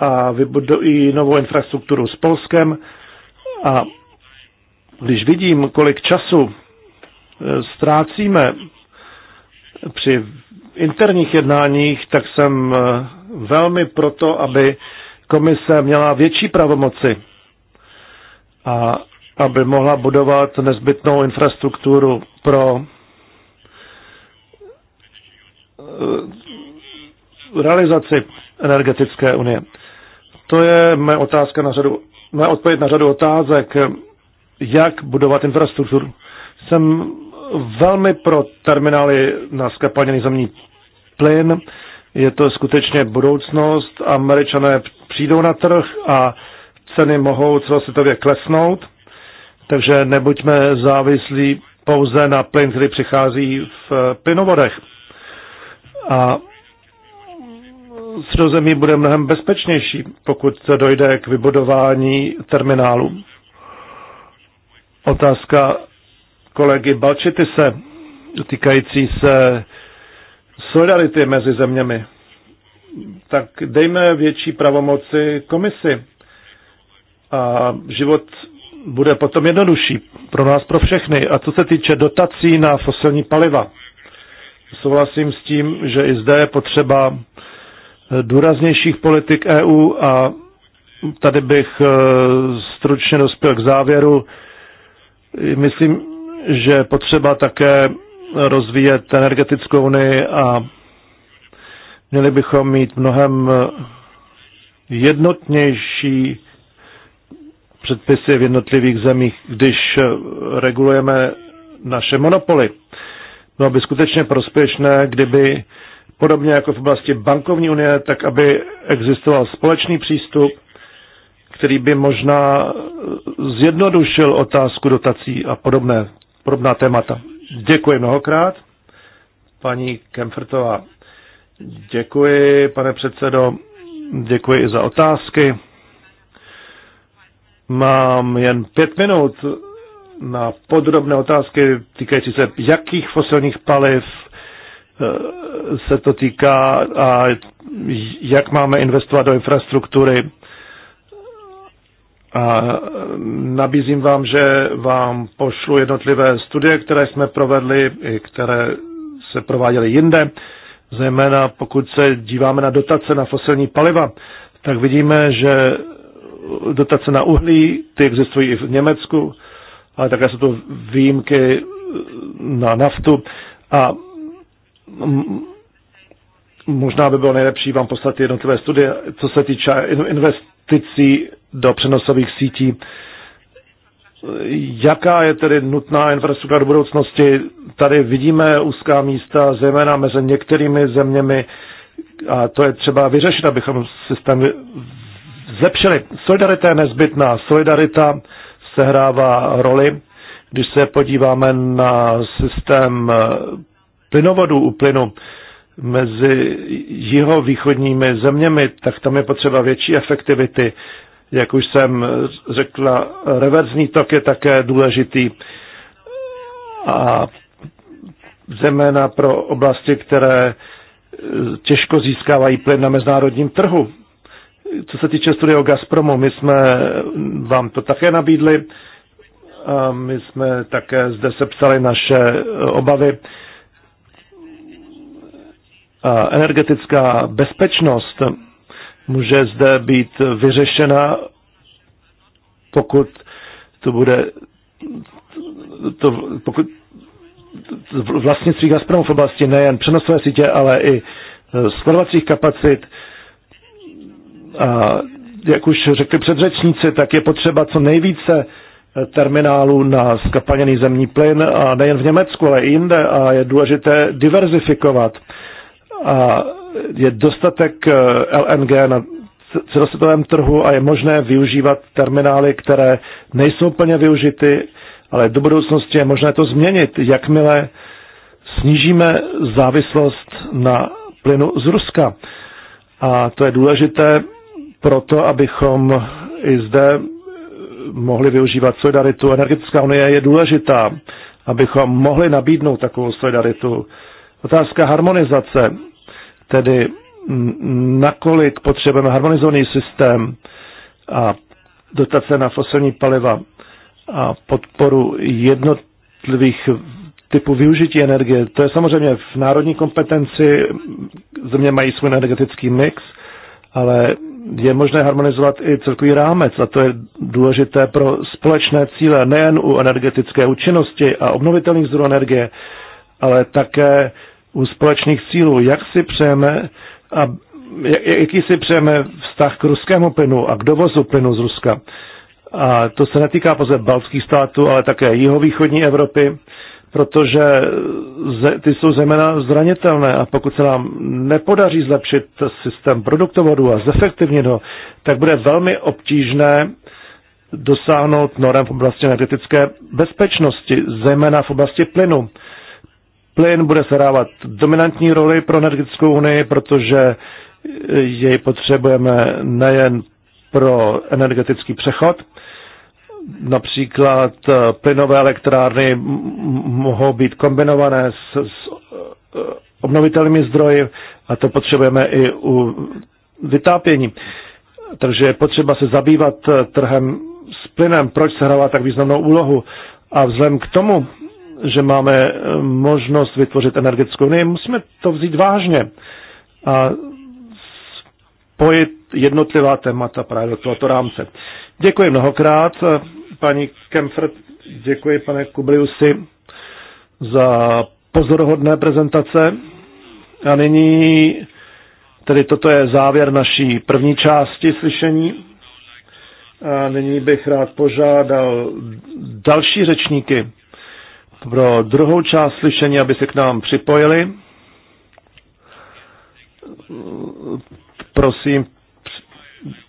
a vybudují novou infrastrukturu s Polskem. A když vidím, kolik času e, ztrácíme při interních jednáních, tak jsem e, velmi proto, aby komise měla větší pravomoci a aby mohla budovat nezbytnou infrastrukturu pro eh, realizaci energetické unie. To je mé otázka na řadu, mé odpověď na řadu otázek, jak budovat infrastrukturu. Jsem velmi pro terminály na skapaněný zemní plyn. Je to skutečně budoucnost. Američané přijdou na trh a ceny mohou celosvětově klesnout, takže nebuďme závislí pouze na plyn, který přichází v eh, plynovodech. A středozemí bude mnohem bezpečnější, pokud se dojde k vybudování terminálu. Otázka kolegy Balčitise týkající se solidarity mezi zeměmi. Tak dejme větší pravomoci komisi a život bude potom jednodušší pro nás, pro všechny. A co se týče dotací na fosilní paliva, souhlasím s tím, že i zde je potřeba eh, důraznějších politik EU a tady bych eh, stručně dospěl k závěru. Myslím, že je potřeba také rozvíjet energetickou unii a měli bychom mít mnohem eh, jednotnější předpisy v jednotlivých zemích, když eh, regulujeme naše monopoly. Bylo no, by skutečně prospěšné, kdyby podobně jako v oblasti bankovní unie, tak aby existoval společný přístup, který by možná eh, zjednodušil otázku dotací a podobné, podobná témata. Děkuji mnohokrát. Paní Kemfertová, děkuji, pane předsedo, děkuji i za otázky. Mám jen pět minut na podrobné otázky týkající se, jakých fosilních paliv eh, se to týká a jak máme investovat do infrastruktury. A nabízím vám, že vám pošlu jednotlivé studie, které jsme provedli, i které se prováděly jinde. Zejména pokud se díváme na dotace na fosilní paliva, tak vidíme, že dotace na uhlí, ty existují i v Německu, ale také jsou to výjimky eh, na naftu. A možná by bylo nejlepší vám poslat jednotlivé studie, co se týče investicí do přenosových sítí. Jaká je tedy nutná infrastruktura do budoucnosti? Tady vidíme úzká místa, zejména mezi některými zeměmi, a to je třeba vyřešit, abychom systém zlepšili. Solidarita je nezbytná. Solidarita sehrává roli. Když se podíváme na systém eh, plynovodů u plynu mezi jihovýchodními zeměmi, tak tam je potřeba větší efektivity. Jak už jsem řekla, reverzní tok je také důležitý. A zejména pro oblasti, které eh, těžko získávají plyn na mezinárodním trhu. Co se týče studie o Gazpromu, my jsme vám to také nabídli. A my jsme také zde sepsali naše obavy. A energetická bezpečnost může zde být vyřešena, pokud to bude to, pokud vlastnictví Gazpromu v oblasti nejen přenosové sítě, ale i skladovacích kapacit jak už řekli předřečníci, tak je potřeba co nejvíce eh, terminálů na skapaněný zemní plyn a nejen v Německu, ale i jinde a je důležité diverzifikovat. A je dostatek eh, LNG na celosvětovém trhu a je možné využívat terminály, které nejsou plně využity, ale do budoucnosti je možné to změnit, jakmile snížíme závislost na plynu z Ruska. A to je důležité proto, abychom i zde mohli využívat solidaritu. Energetická unie je důležitá, abychom mohli nabídnout takovou solidaritu. Otázka harmonizace, tedy nakolik potřebujeme harmonizovaný systém a dotace na fosilní paliva a podporu jednotlivých typů využití energie. To je samozřejmě v národní kompetenci, země mají svůj energetický mix ale je možné harmonizovat i celkový rámec a to je důležité pro společné cíle nejen u energetické účinnosti a obnovitelných zdrojů energie, ale také u společných cílů, jak si přejeme a jaký si přejeme vztah k ruskému plynu a k dovozu plynu z Ruska. A to se netýká pouze baltských států, ale také jihovýchodní Evropy protože ty jsou zejména zranitelné a pokud se nám nepodaří zlepšit systém produktovodu a zefektivnit ho, tak bude velmi obtížné dosáhnout norem v oblasti energetické bezpečnosti, zejména v oblasti plynu. Plyn bude sehrávat dominantní roli pro energetickou unii, protože jej potřebujeme nejen pro energetický přechod, například eh, plynové elektrárny mohou být kombinované s, s eh, obnovitelnými zdroji a to potřebujeme i u vytápění. Takže je potřeba se zabývat eh, trhem s plynem, proč se hrává tak významnou úlohu. A vzhledem k tomu, že máme možnost vytvořit energetickou unii, musíme to vzít vážně a spojit jednotlivá témata právě do tohoto rámce. Děkuji mnohokrát paní Kemfert, děkuji pane Kubliusi za pozorhodné prezentace. A nyní, tedy toto je závěr naší první části slyšení. A nyní bych rád požádal další řečníky pro druhou část slyšení, aby se k nám připojili. Prosím,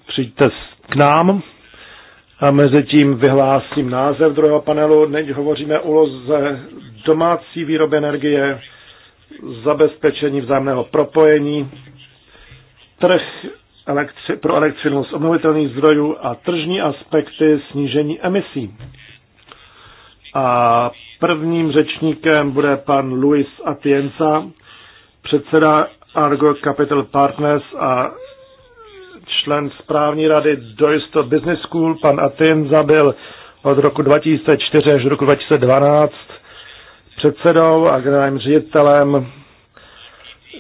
přijďte k nám. A mezi tím vyhlásím název druhého panelu. Neď hovoříme o loze domácí výroby energie, zabezpečení vzájemného propojení, trh elektři- pro elektřinu z obnovitelných zdrojů a tržní aspekty snížení emisí. A prvním řečníkem bude pan Luis Atienza, předseda Argo Capital Partners a člen správní rady Doisto Business School, pan Atin, byl od roku 2004 až do roku 2012 předsedou a generálním ředitelem eh,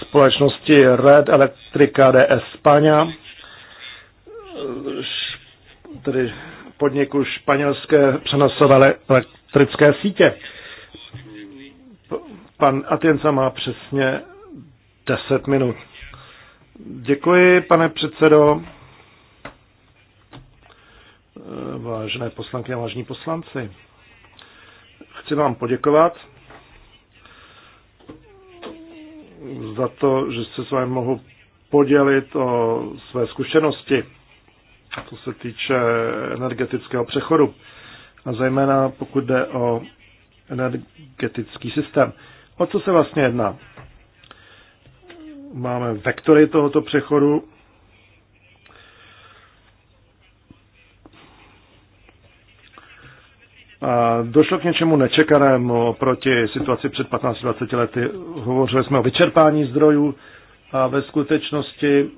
společnosti Red Electrica de España, eh, tedy podniku španělské přenosové elektrické sítě. Pan Atienza má přesně 10 minut. Děkuji, pane předsedo. Vážené a vážní poslanci, chci vám poděkovat za to, že se s vámi mohu podělit o své zkušenosti, co se týče energetického přechodu, a zejména pokud jde o energetický systém. O co se vlastně jedná? máme vektory tohoto přechodu. A došlo k něčemu nečekanému proti situaci před 15-20 lety. Hovořili jsme o vyčerpání zdrojů a ve skutečnosti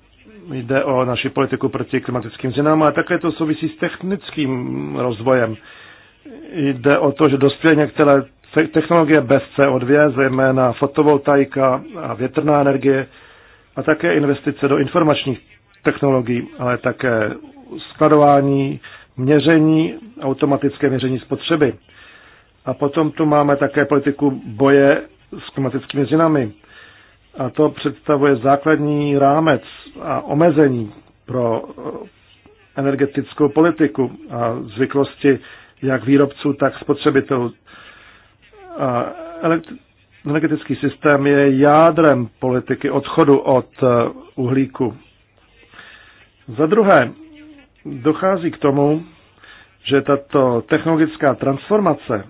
jde o naši politiku proti klimatickým změnám, ale také to souvisí s technickým rozvojem. Jde o to, že dospěly některé technologie bez CO2, zejména fotovoltaika a větrná energie, a také investice do informačních technologií, ale také skladování, měření, automatické měření spotřeby. A potom tu máme také politiku boje s klimatickými změnami. A to představuje základní rámec a omezení pro eh, energetickou politiku a zvyklosti jak výrobců, tak spotřebitelů. A energetický systém je jádrem politiky odchodu od eh, uhlíku. Za druhé, dochází k tomu, že tato technologická transformace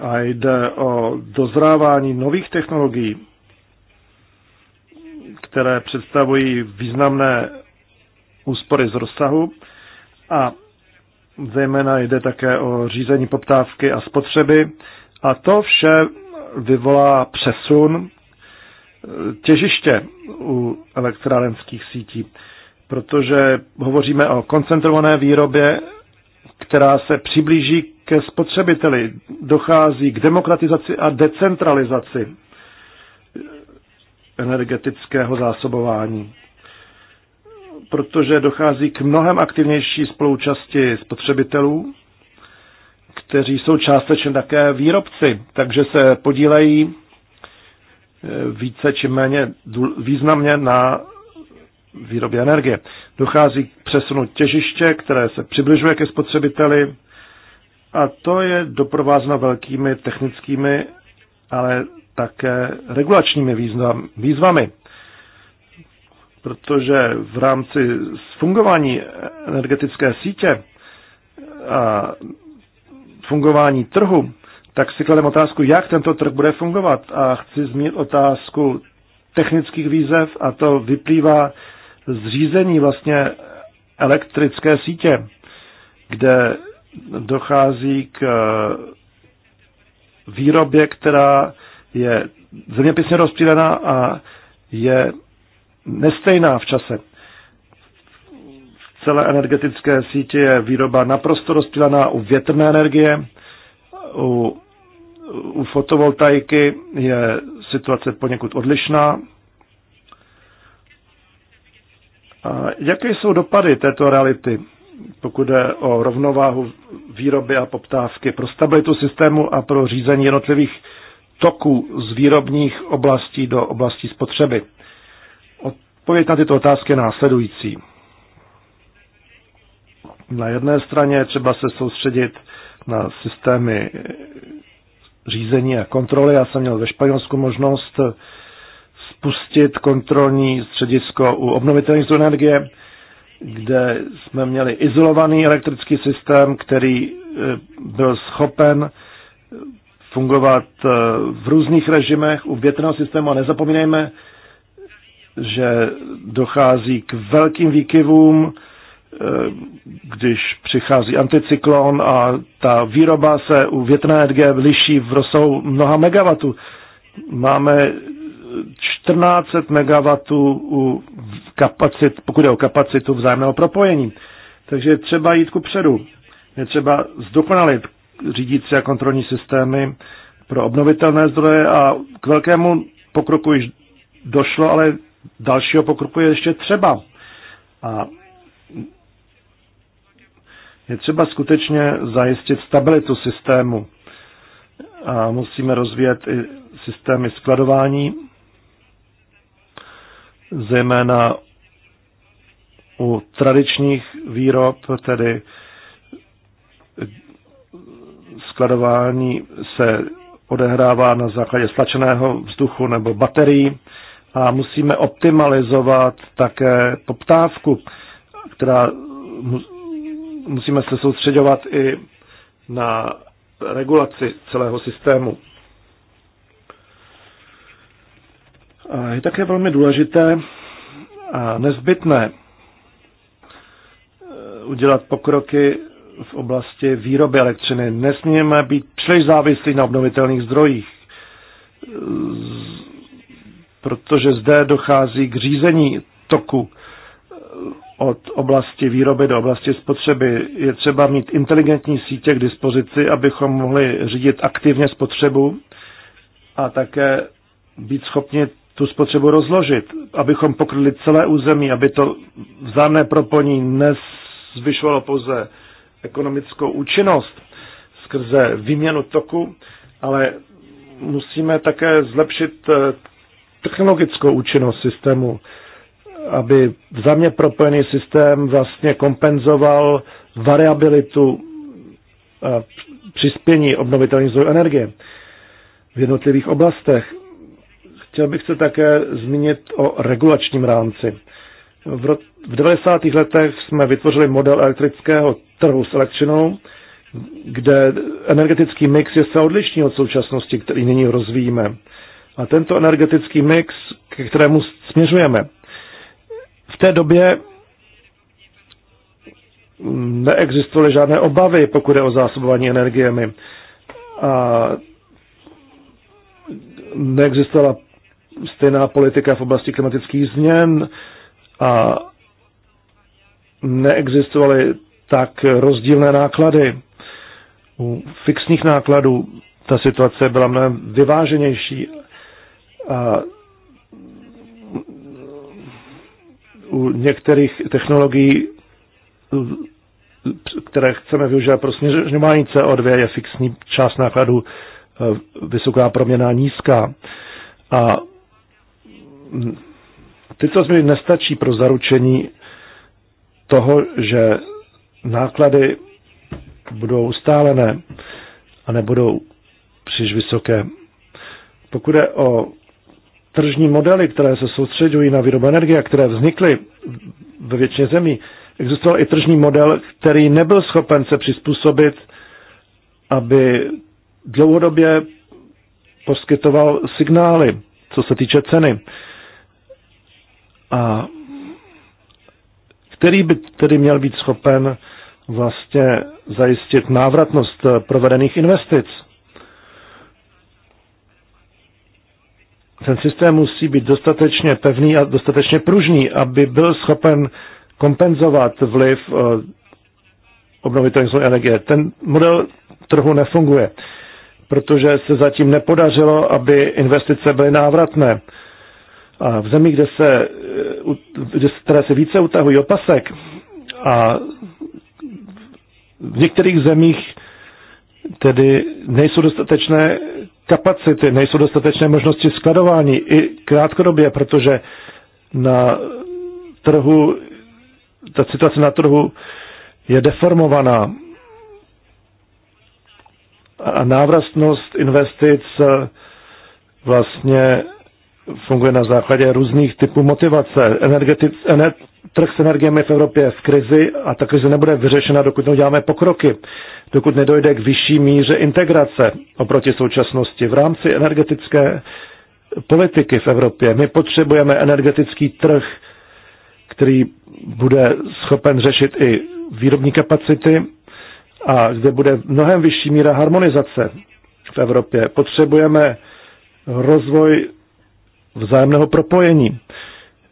a jde o dozrávání nových technologií, které představují významné úspory z rozsahu a zejména jde také o řízení poptávky a spotřeby, a to vše vyvolá přesun eh, těžiště u elektrárenských sítí, protože hovoříme o koncentrované výrobě, která se přiblíží ke spotřebiteli. Dochází k demokratizaci a decentralizaci energetického zásobování, protože dochází k mnohem aktivnější spoluúčasti spotřebitelů kteří jsou částečně také výrobci, takže se podílejí eh, více či méně významně na výrobě energie. Dochází k přesunu těžiště, které se přibližuje ke spotřebiteli a to je doprovázeno velkými technickými, ale také regulačními výzvami. Protože v rámci fungování energetické sítě a fungování trhu, tak si kladem otázku, jak tento trh bude fungovat. A chci zmínit otázku technických výzev a to vyplývá z řízení vlastně elektrické sítě, kde dochází k eh, výrobě, která je zeměpisně rozptýlená a je nestejná v čase celé energetické sítě, je výroba naprosto rozptýlená u větrné energie, u, u fotovoltaiky je situace poněkud odlišná. A jaké jsou dopady této reality, pokud jde o rovnováhu výroby a poptávky pro stabilitu systému a pro řízení jednotlivých toků z výrobních oblastí do oblastí spotřeby? Odpověď na tyto otázky je následující. Na jedné straně třeba se soustředit na systémy řízení a kontroly. Já jsem měl ve Španělsku možnost spustit kontrolní středisko u obnovitelných zdrojů energie, kde jsme měli izolovaný elektrický systém, který e, byl schopen fungovat e, v různých režimech u větrného systému a nezapomínejme, že dochází k velkým výkyvům Eh, když přichází anticyklon a ta výroba se u větrné energie liší v rozsahu mnoha megawatů. Máme 14 megawatů u kapacit, pokud je o kapacitu vzájemného propojení. Takže je třeba jít ku předu. Je třeba zdokonalit řídící a kontrolní systémy pro obnovitelné zdroje a k velkému pokroku již došlo, ale dalšího pokroku je ještě třeba. A je třeba skutečně zajistit stabilitu systému a musíme rozvíjet i systémy skladování, zejména u tradičních výrob, tedy skladování se odehrává na základě stlačeného vzduchu nebo baterií a musíme optimalizovat také poptávku, která musíme se soustředovat i na regulaci celého systému. je také velmi důležité a nezbytné eh, udělat pokroky v oblasti výroby elektřiny. Nesmíme být příliš závislí na obnovitelných zdrojích, protože zde dochází k řízení toku od oblasti výroby do oblasti spotřeby. Je třeba mít inteligentní sítě k dispozici, abychom mohli řídit aktivně spotřebu a také být schopni tu spotřebu rozložit, abychom pokryli celé území, aby to vzájemné propojení nezvyšovalo pouze ekonomickou účinnost skrze výměnu toku, ale musíme také zlepšit eh, technologickou účinnost systému aby vzájemně propojený systém vlastně kompenzoval variabilitu eh, přispění obnovitelných zdrojů energie v jednotlivých oblastech. Chtěl bych se také zmínit o regulačním rámci. V, v 90. letech jsme vytvořili model elektrického trhu s elektřinou, kde energetický mix je se odlišný od současnosti, který nyní rozvíjíme. A tento energetický mix, ke kterému směřujeme, té době neexistovaly žádné obavy, pokud je o zásobování energiemi. A neexistovala stejná politika v oblasti klimatických změn a neexistovaly tak rozdílné náklady. U fixních nákladů ta situace byla mnohem vyváženější a u některých technologií, které chceme využívat pro snižování CO2, je fixní část nákladů e, vysoká proměna nízká. A tyto změny nestačí pro zaručení toho, že náklady budou ustálené a nebudou příliš vysoké. Pokud je o tržní modely, které se soustředují na výrobu energie, které vznikly ve většině zemí, existoval i tržní model, který nebyl schopen se přizpůsobit, aby dlouhodobě poskytoval signály, co se týče ceny. A který by tedy měl být schopen vlastně zajistit návratnost provedených investic. ten systém musí být dostatečně pevný a dostatečně pružný, aby byl schopen kompenzovat vliv eh, obnovitelných zdrojů energie. Ten model trhu nefunguje, protože se zatím nepodařilo, aby investice byly návratné. A v zemích, kde se, eh, kde, které se více utahují opasek a v některých zemích tedy nejsou dostatečné kapacity, nejsou dostatečné možnosti skladování i krátkodobě, protože na trhu, ta situace na trhu je deformovaná. A návratnost investic vlastně funguje na základě různých typů motivace. Energetic, ener, trh s energiemi v Evropě je v krizi a ta krize nebude vyřešena, dokud neuděláme pokroky, dokud nedojde k vyšší míře integrace oproti současnosti. V rámci energetické politiky v Evropě my potřebujeme energetický trh, který bude schopen řešit i výrobní kapacity a kde bude mnohem vyšší míra harmonizace v Evropě. Potřebujeme rozvoj vzájemného propojení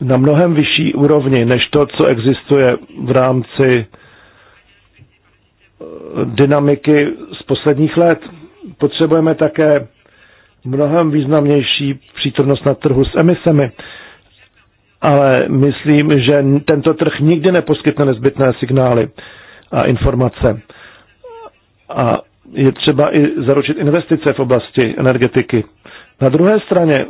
na mnohem vyšší úrovni než to, co existuje v rámci eh, dynamiky z posledních let. Potřebujeme také mnohem významnější přítomnost na trhu s emisemi, ale myslím, že tento trh nikdy neposkytne nezbytné signály a informace. A je třeba i zaručit investice v oblasti energetiky. Na druhé straně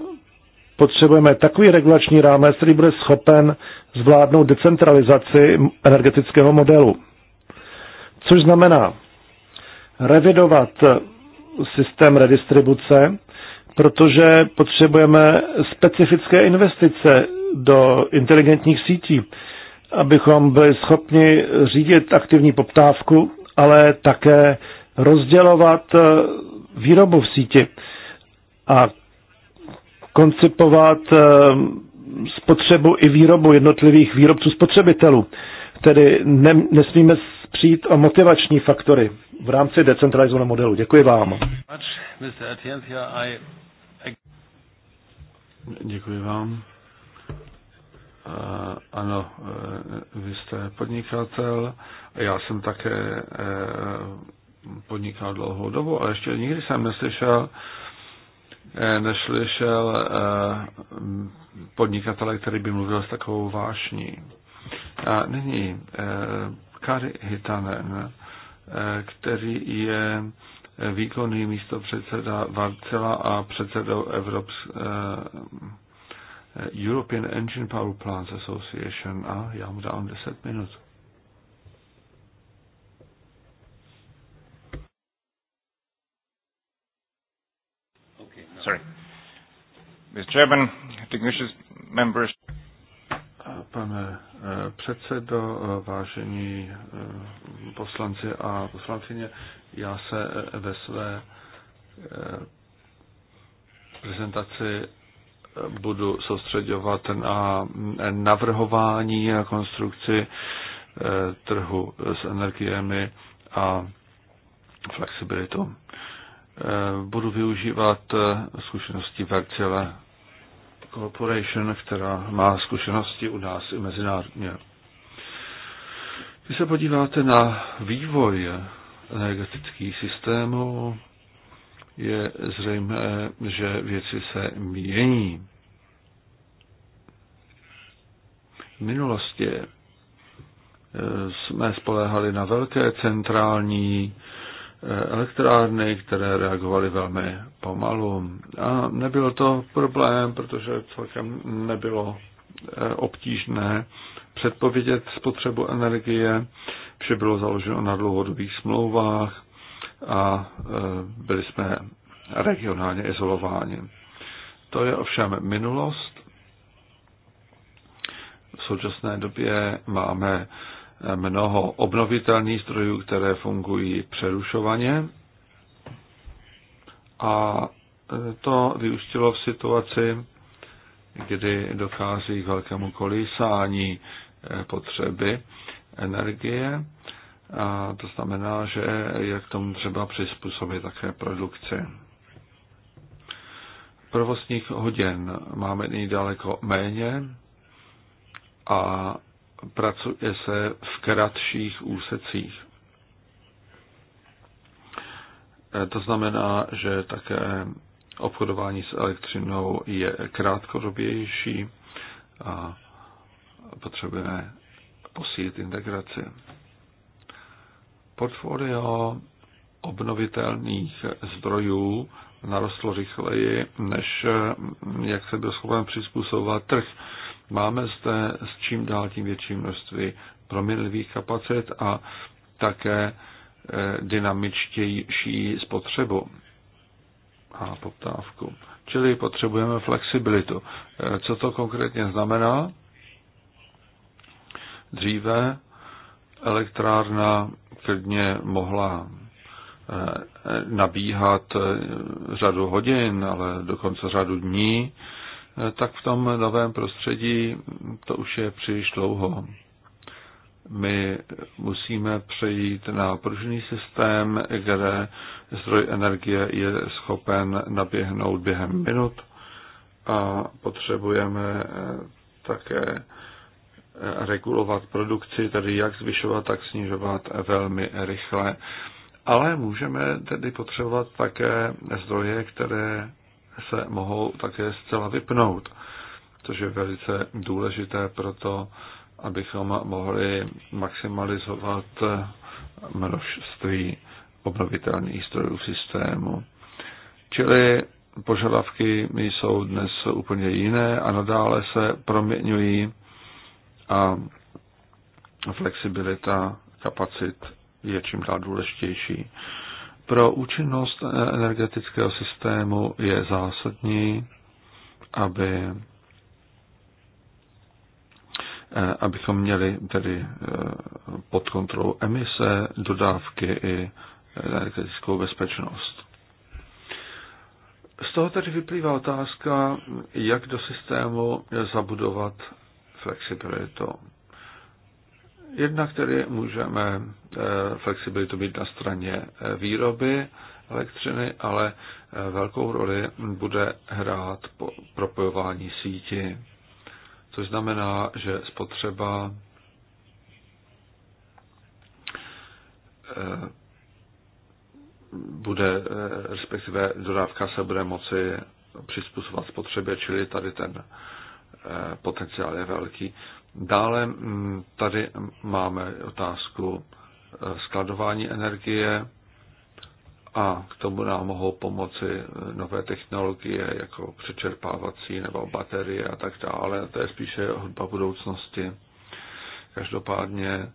potřebujeme takový regulační rámec, který bude schopen zvládnout decentralizaci energetického modelu. Což znamená revidovat systém redistribuce, protože potřebujeme specifické investice do inteligentních sítí, abychom byli schopni řídit aktivní poptávku, ale také rozdělovat výrobu v síti. A koncipovat eh, spotřebu i výrobu jednotlivých výrobců spotřebitelů. Tedy ne, nesmíme přijít o motivační faktory v rámci decentralizovaného modelu. Děkuji vám. Děkuji vám. Eh, ano, eh, vy jste podnikatel, já jsem také podnikal dlouhou dobu, ale ještě nikdy jsem neslyšel, Eh, neslyšel eh, podnikatele, který by mluvil s takovou vášní. A nyní eh, Kari Hitanen, který je výkonný místo předseda Varcela a předsedou Evrops, European Engine Power Plants Association a já mu dám 10 minut. sorry. Mr. Chairman, distinguished members. Pane eh, předsedo, eh, vážení eh, poslanci a poslankyně, já se ve své prezentaci budu soustředovat na navrhování a konstrukci trhu s energiemi a flexibilitu. Eh, budu využívat eh, zkušenosti Vercele Corporation, která má zkušenosti u nás i mezinárodně. Když se podíváte na vývoj energetických systémů, je zřejmé, že věci se mění. V minulosti eh, jsme spoléhali na velké centrální Eh, elektrárny, které reagovaly velmi pomalu. A nebyl to problém, protože celkem nebylo eh, obtížné předpovědět spotřebu energie. Vše bylo založeno na dlouhodobých smlouvách a eh, byli jsme regionálně izolováni. To je ovšem minulost. V současné době máme mnoho obnovitelných zdrojů, které fungují přerušovaně. A to vyústilo v situaci, kdy dochází k velkému kolísání eh, potřeby energie. A to znamená, že je k tomu třeba přizpůsobit také produkci. Provozních hodin máme nyní daleko méně a pracuje se v kratších úsecích. E, to znamená, že také obchodování s elektřinou je krátkodobější a potřebujeme posílit integraci. Portfolio obnovitelných zdrojů narostlo rychleji, než jak se byl schopen přizpůsobovat trh. Máme zde s čím dál tím větší množství proměnlivých kapacit a také eh, dynamičtější spotřebu a poptávku. Čili potřebujeme flexibilitu. Eh, co to konkrétně znamená? Dříve elektrárna klidně mohla eh, nabíhat řadu hodin, ale dokonce řadu dní tak v tom novém prostředí to už je příliš dlouho. My musíme přejít na pružný systém, kde zdroj energie je schopen naběhnout během minut a potřebujeme také regulovat produkci, tedy jak zvyšovat, tak snižovat velmi rychle. Ale můžeme tedy potřebovat také zdroje, které se mohou také zcela vypnout, což je velice důležité pro to, abychom mohli maximalizovat množství obnovitelných strojů systému. Čili požadavky jsou dnes úplně jiné a nadále se proměňují a flexibilita kapacit je čím dál důležitější. Pro účinnost e, energetického systému je zásadní, aby e, abychom měli tedy e, pod kontrolou emise, dodávky i energetickou bezpečnost. Z toho tedy vyplývá otázka, jak do systému zabudovat flexibilitu. Jednak tedy můžeme eh, flexibilitu mít na straně eh, výroby elektřiny, ale eh, velkou roli bude hrát propojování síti. Což znamená, že spotřeba bude, respektive dodávka se bude moci přizpůsobovat spotřebě, čili tady ten potenciál je velký. Dále mm, tady máme otázku eh, skladování energie a k tomu nám mohou pomoci eh, nové technologie jako přečerpávací nebo baterie a tak dále. To je spíše hudba budoucnosti. Každopádně eh,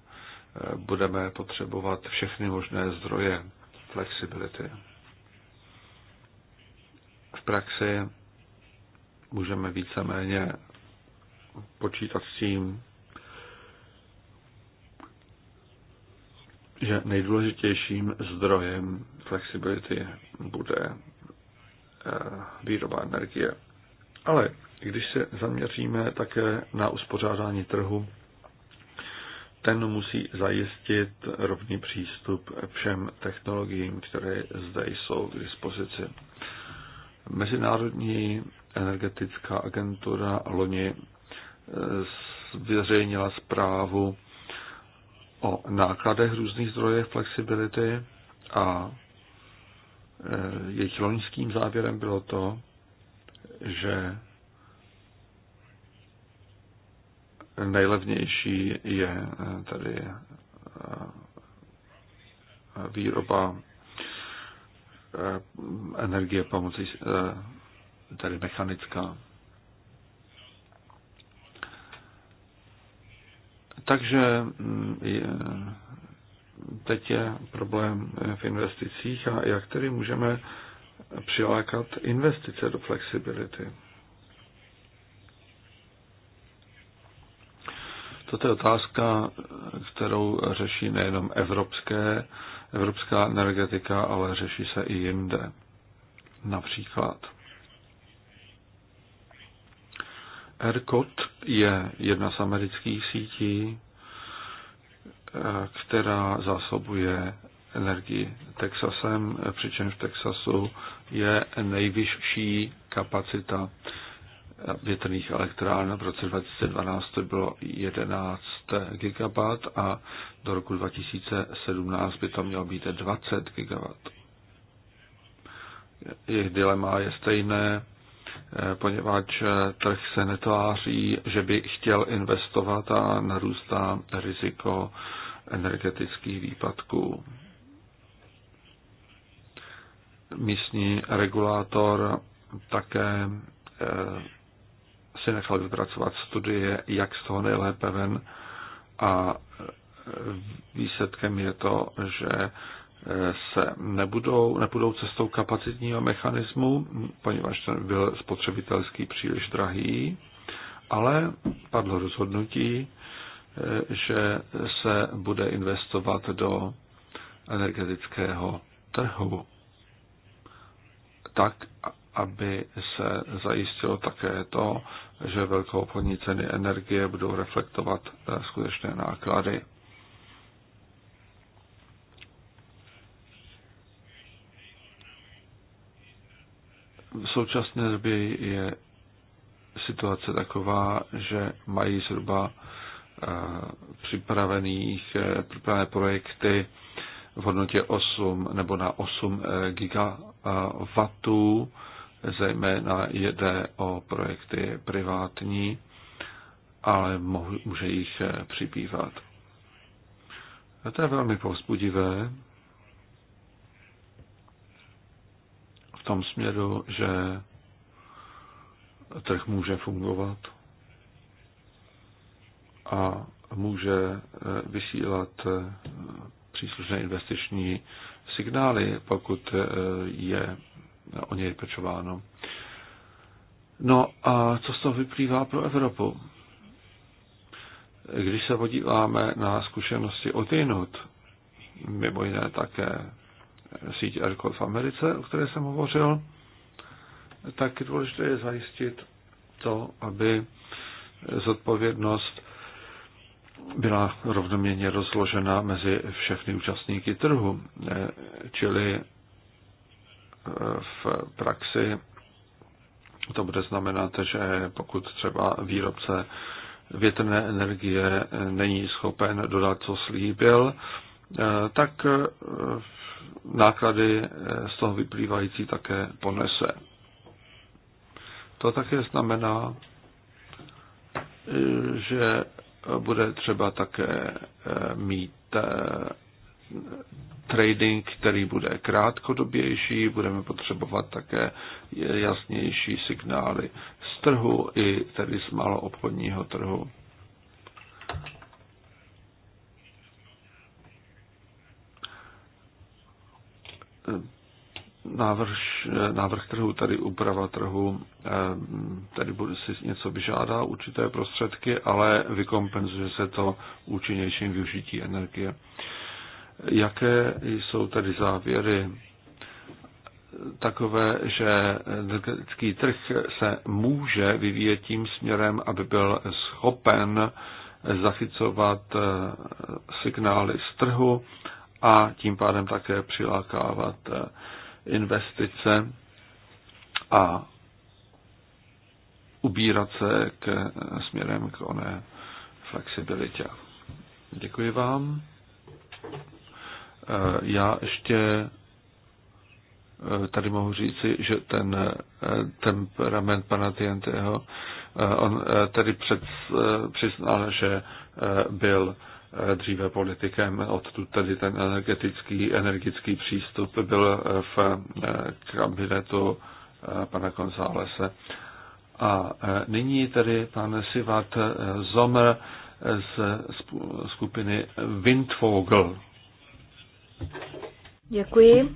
budeme potřebovat všechny možné zdroje flexibility. V praxi můžeme víceméně počítat s tím, že nejdůležitějším zdrojem flexibility bude eh, výroba energie. Ale když se zaměříme také na uspořádání trhu, ten musí zajistit rovný přístup všem technologiím, které zde jsou k dispozici. Mezinárodní energetická agentura loni zveřejnila zprávu o nákladech různých zdrojů flexibility a e, jejich loňským závěrem bylo to, že nejlevnější je e, tady e, výroba energie pomocí, tedy mechanická. Takže mm, teď je problém v investicích a jak tedy můžeme přilákat investice do flexibility. Toto je otázka, kterou řeší nejenom evropské, evropská energetika, ale řeší se i jinde. Například ERCOT je jedna z amerických sítí, eh, která zásobuje energii Texasem, přičemž v Texasu je nejvyšší kapacita větrných elektráren. V roce 2012 to bylo 11 gigawatt a do roku 2017 by to mělo být 20 gigawatt. Jejich dilema je stejné, Eh, poněvadž eh, trh se netváří, že by chtěl investovat a narůstá riziko energetických výpadků. Místní regulátor také eh, si nechal vypracovat studie, jak z toho nejlépe ven a výsledkem je to, že se nebudou, nebudou cestou kapacitního mechanismu, poněvadž ten byl spotřebitelský příliš drahý, ale padlo rozhodnutí, eh, že se bude investovat do energetického trhu tak, aby se zajistilo také to, že velkou obchodní ceny energie budou reflektovat eh, skutečné náklady. V současné době je situace taková, že mají zhruba eh, připravených, eh, připravené projekty v hodnotě 8 nebo na 8 eh, gigawatů, zejména jde o projekty privátní, ale může jich přibývat. A to je velmi povzbudivé, v tom směru, že trh může fungovat a může eh, vysílat eh, příslušné investiční signály, pokud eh, je o něj pečováno. No a co z toho vyplývá pro Evropu? Když se podíváme na zkušenosti odinut, mimo jiné také síť ERCOT v Americe, o které jsem hovořil, tak důležité je zajistit to, aby zodpovědnost byla rovnoměrně rozložena mezi všechny účastníky trhu, čili eh, v praxi to bude znamenat, že pokud třeba výrobce větrné energie není schopen dodat, co slíbil, eh, tak eh, náklady eh, z toho vyplývající také ponese. To také znamená, eh, že bude třeba také eh, mít trading, který bude krátkodobější, budeme potřebovat také jasnější signály z trhu i tedy z maloobchodního trhu. Eh, návrh, eh, návrh trhu, tady úprava trhu, eh, tady si něco vyžádá určité prostředky, ale vykompenzuje se to účinnějším využití energie. Jaké jsou tedy závěry? Takové, že energetický trh se může vyvíjet tím směrem, aby byl schopen zachycovat signály z trhu a tím pádem také přilákávat eh, investice a ubírat se k, eh, směrem k oné flexibilitě. Děkuji vám. Eh, já ještě tady mohu říci, že ten temperament pana Tienteho, on tady přiznal, že byl dříve politikem, odtud tedy ten energetický, energický přístup byl v eh, kabinetu eh, pana Gonzálese. A eh, nyní tedy pan Sivat Zomer z skupiny Windvogel. Děkuji.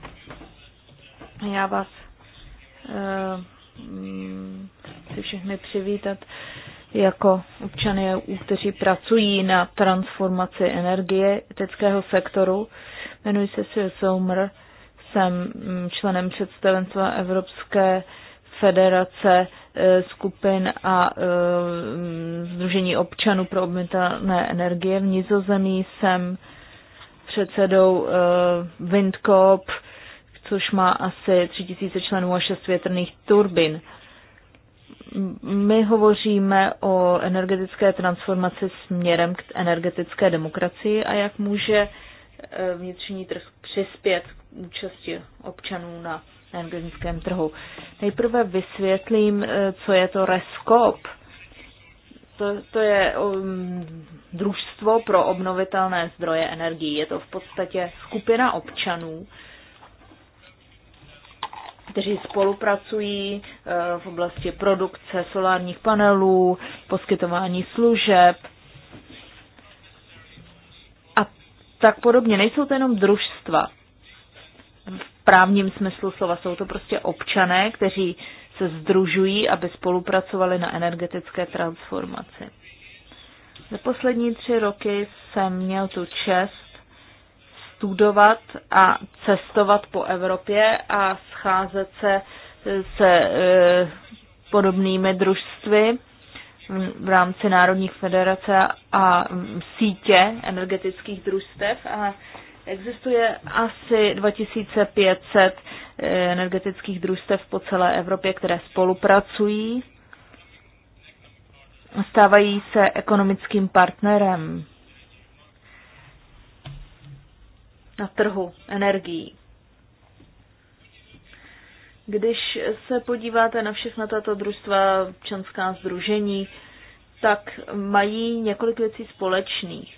Já vás mm, chci všechny přivítat jako občany, kteří pracují na transformaci energie energetického sektoru. Jmenuji se Sir Somer, jsem mm, členem představenstva Evropské federace e, skupin a Združení e, mm, občanů pro obnovitelné energie. V Nizozemí jsem předsedou Windcop, e, což má asi 3000 členů a 6 větrných turbin my hovoříme o energetické transformaci směrem k energetické demokracii a jak může eh, vnitřní trh přispět k účasti občanů na energetickém trhu. Nejprve vysvětlím, eh, co je to RESCOP. To, to je um, družstvo pro obnovitelné zdroje energie. Je to v podstatě skupina občanů, kteří spolupracují eh, v oblasti produkce solárních panelů, poskytování služeb a tak podobně. Nejsou to jenom družstva. V právním smyslu slova jsou to prostě občané, kteří se združují, aby spolupracovali na energetické transformaci. Za poslední tři roky jsem měl tu čest studovat a cestovat po Evropě a scházet se se e, podobnými družstvy v rámci Národních federace a sítě energetických družstev a existuje asi 2500 e, energetických družstev po celé Evropě, které spolupracují, stávají se ekonomickým partnerem na trhu energií. Když se podíváte na všechna tato družstva, občanská združení, tak mají několik věcí společných.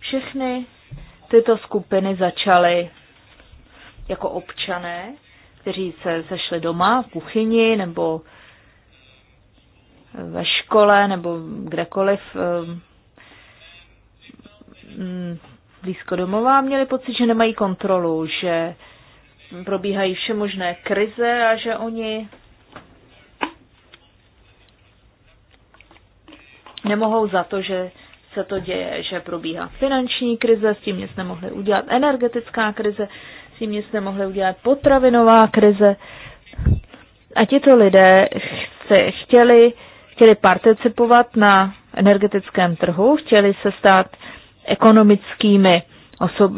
Všechny tyto skupiny začaly jako občané, kteří se sešli doma v kuchyni nebo ve škole nebo kdekoliv ehm, blízko domova a měli pocit, že nemají kontrolu, že probíhají všemožné krize a že oni nemohou za to, že se to děje, že probíhá finanční krize, s tím nic nemohli udělat, energetická krize, s tím nic nemohli udělat, potravinová krize. A tito lidé se chtěli, chtěli participovat na energetickém trhu, chtěli se stát ekonomickými osob-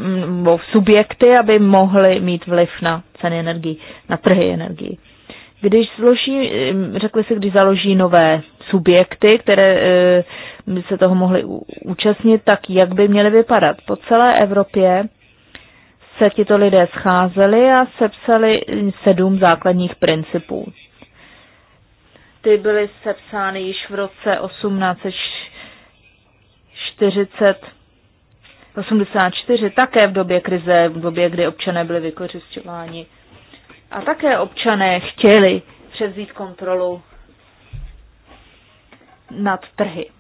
subjekty, aby mohly mít vliv na ceny energií, na trhy energií. Když zloží, řekli se, když založí nové subjekty, které eh, by se toho mohly účastnit, tak jak by měly vypadat? Po celé Evropě se tito lidé scházeli a sepsali sedm základních principů. Ty byly sepsány již v roce 1840 84, také v době krize, v době, kdy občané byli vykořišťováni. A také občané chtěli převzít kontrolu nad trhy.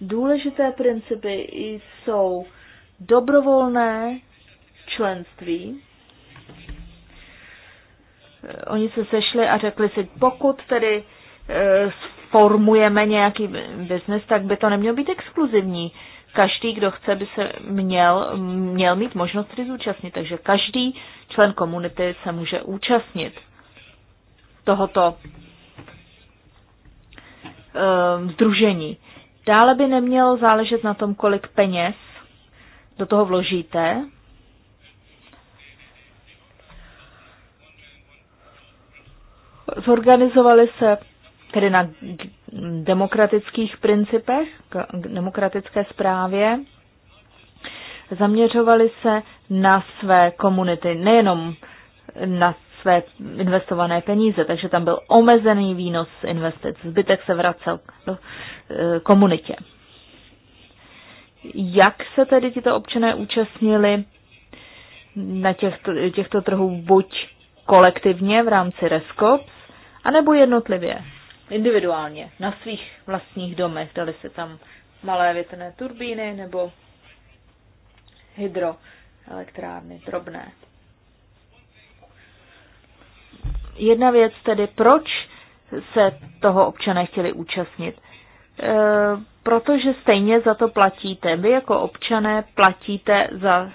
Důležité principy jsou dobrovolné členství. Oni se sešli a řekli si, pokud tedy eh, formujeme nějaký biznes, tak by to nemělo být exkluzivní. Každý, kdo chce, by se měl, měl mít možnost tedy zúčastnit. Takže každý člen komunity se může účastnit tohoto um, združení. Dále by nemělo záležet na tom, kolik peněz do toho vložíte. Zorganizovali se tedy na demokratických principech, k demokratické správě, zaměřovali se na své komunity, nejenom na své investované peníze, takže tam byl omezený výnos investic, zbytek se vracel do e, komunitě. Jak se tedy tito občané účastnili na těchto, těchto trhů buď kolektivně v rámci RESCOPS, anebo jednotlivě? individuálně, na svých vlastních domech. Dali se tam malé větrné turbíny nebo hydroelektrárny drobné. Jedna věc tedy, proč se toho občané chtěli účastnit? E, protože stejně za to platíte. Vy jako občané platíte za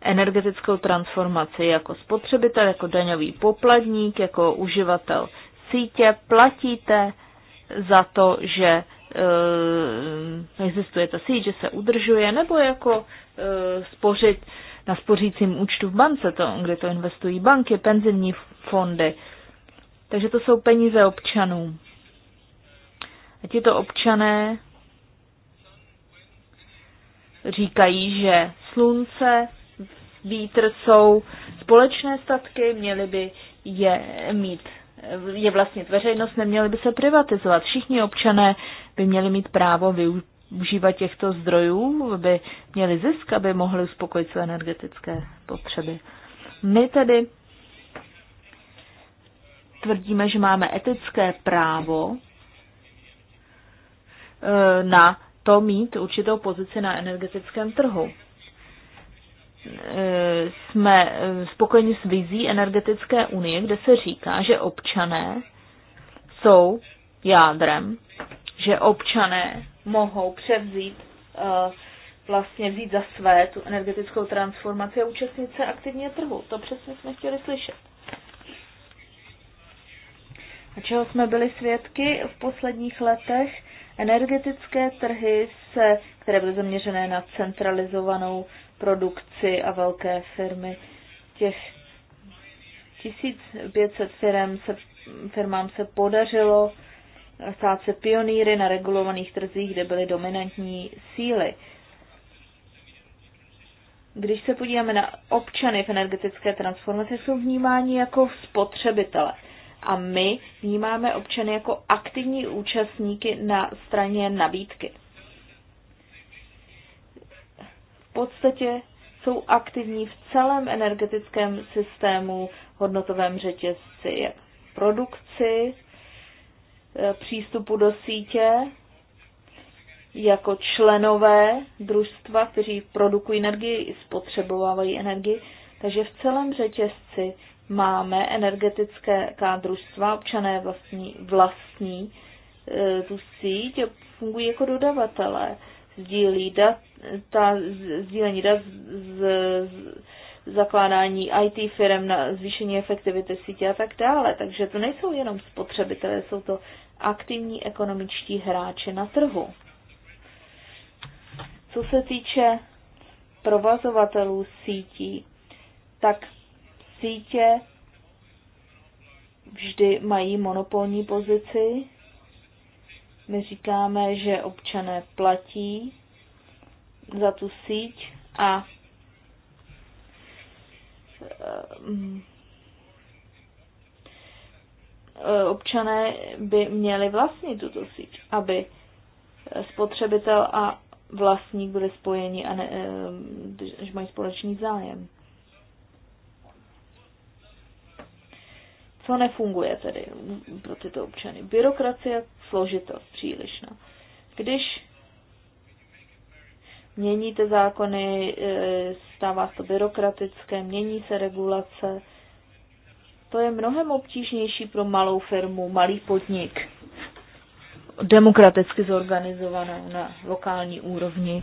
energetickou transformaci jako spotřebitel, jako daňový poplatník, jako uživatel cítě platíte za to, že eh, existuje ta síť, že se udržuje, nebo jako eh, spořit na spořícím účtu v bance, to, kde to investují banky, penzijní fondy. Takže to jsou peníze občanů. A tito občané říkají, že slunce, vítr jsou společné statky, měli by je mít je vlastně veřejnost, neměly by se privatizovat. Všichni občané by měli mít právo využívat těchto zdrojů, aby měli zisk, aby mohli uspokojit své energetické potřeby. My tedy tvrdíme, že máme etické právo eh, na to mít určitou pozici na energetickém trhu. Eh, jsme eh, spokojeni s vizí energetické unie, kde se říká, že občané jsou jádrem, že občané mohou převzít, eh, vlastně vzít za své tu energetickou transformaci a účastnit se aktivně trhu. To přesně jsme chtěli slyšet. A čeho jsme byli svědky v posledních letech? Energetické trhy, se, které byly zaměřené na centralizovanou produkci a velké firmy. Těch 1500 firm se, firmám se podařilo stát se pionýry na regulovaných trzích, kde byly dominantní síly. Když se podíváme na občany v energetické transformaci, jsou vnímáni jako spotřebitele. A my vnímáme občany jako aktivní účastníky na straně nabídky. podstatě jsou aktivní v celém energetickém systému, hodnotovém řetězci, jak produkci, e, přístupu do sítě, jako členové družstva, kteří produkují energii i spotřebovávají energii. Takže v celém řetězci máme energetické družstva, občané vlastní, vlastní e, tu síť fungují jako dodavatelé sdílí dat, ta sdílení dat z, z zakládání IT firm na zvýšení efektivity sítě a tak dále. Takže to nejsou jenom spotřebitelé, jsou to aktivní ekonomičtí hráči na trhu. Co se týče provazovatelů sítí, tak sítě vždy mají monopolní pozici, my říkáme, že občané platí za tu síť a ehm, občané by měli vlastnit tuto síť, aby spotřebitel a vlastník byli spojeni a ne, ehm, že mají společný zájem. Co nefunguje tedy pro tyto občany? Byrokracie, složitost přílišná. No. Když měníte zákony, e, stává se to byrokratické, mění se regulace, to je mnohem obtížnější pro malou firmu, malý podnik, demokraticky zorganizovanou na lokální úrovni,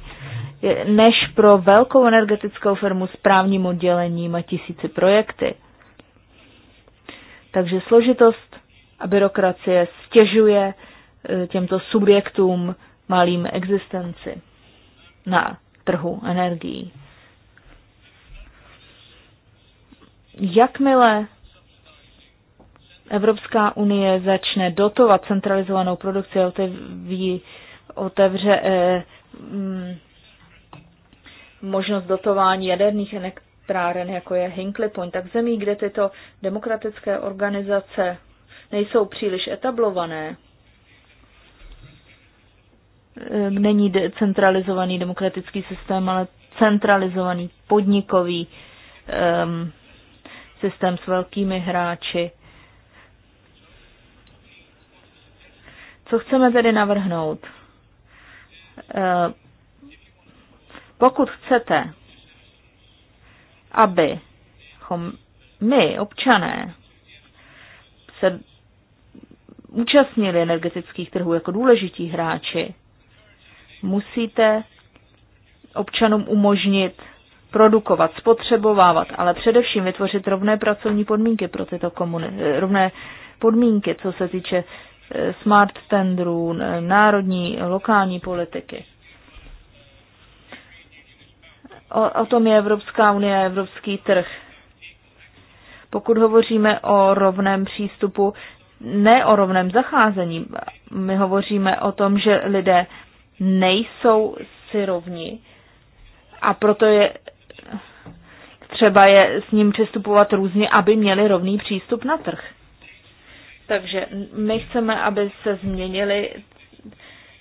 než pro velkou energetickou firmu s právním oddělením a tisíci projekty. Takže složitost a byrokracie stěžuje e, těmto subjektům malým existenci na trhu energií. Jakmile Evropská unie začne dotovat centralizovanou produkci otevře eh, možnost dotování jaderných elektráren, jako je Hinkley Point, tak zemí, kde tyto demokratické organizace nejsou příliš etablované, eh, není centralizovaný demokratický systém, ale centralizovaný podnikový um, systém s velkými hráči. Co chceme tedy navrhnout? Eh, pokud chcete aby my, občané, se účastnili energetických trhů jako důležití hráči, musíte občanům umožnit produkovat, spotřebovávat, ale především vytvořit rovné pracovní podmínky pro tyto komuny, eh, rovné podmínky, co se týče eh, smart tendrů, národní, lokální politiky. O, o tom je Evropská unie, evropský trh. Pokud hovoříme o rovném přístupu, ne o rovném zacházení, my hovoříme o tom, že lidé nejsou si rovni a proto je třeba je s ním přistupovat různě, aby měli rovný přístup na trh. Takže my chceme, aby se změnily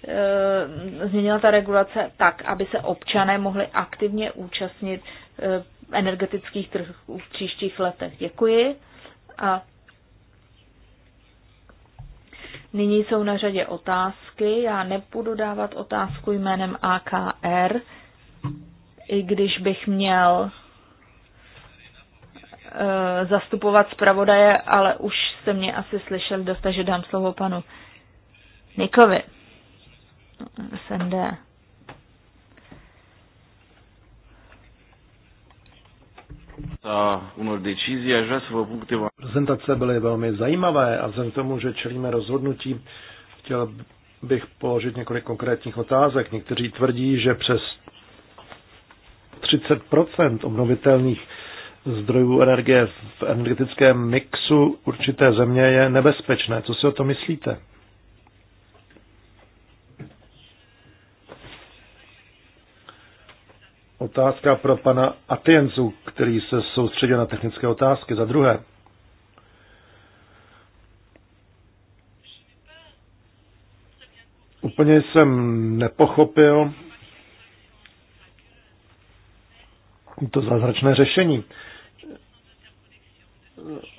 Eh, změnila ta regulace tak, aby se občané mohli aktivně účastnit eh, energetických trhů v příštích letech. Děkuji. A nyní jsou na řadě otázky. Já nebudu dávat otázku jménem AKR, i když bych měl eh, zastupovat zpravodaje, ale už jste mě asi slyšel dost, že dám slovo panu Nikovi. SND. unor Prezentace byly velmi zajímavé a vzhledem k tomu, že čelíme rozhodnutí, chtěl bych položit několik konkrétních otázek. Někteří tvrdí, že přes 30 obnovitelných zdrojů energie v energetickém mixu určité země je nebezpečné. Co si o to myslíte? Otázka pro pana Atienzu, který se soustředil na technické otázky. Za druhé, úplně jsem nepochopil to zázračné řešení.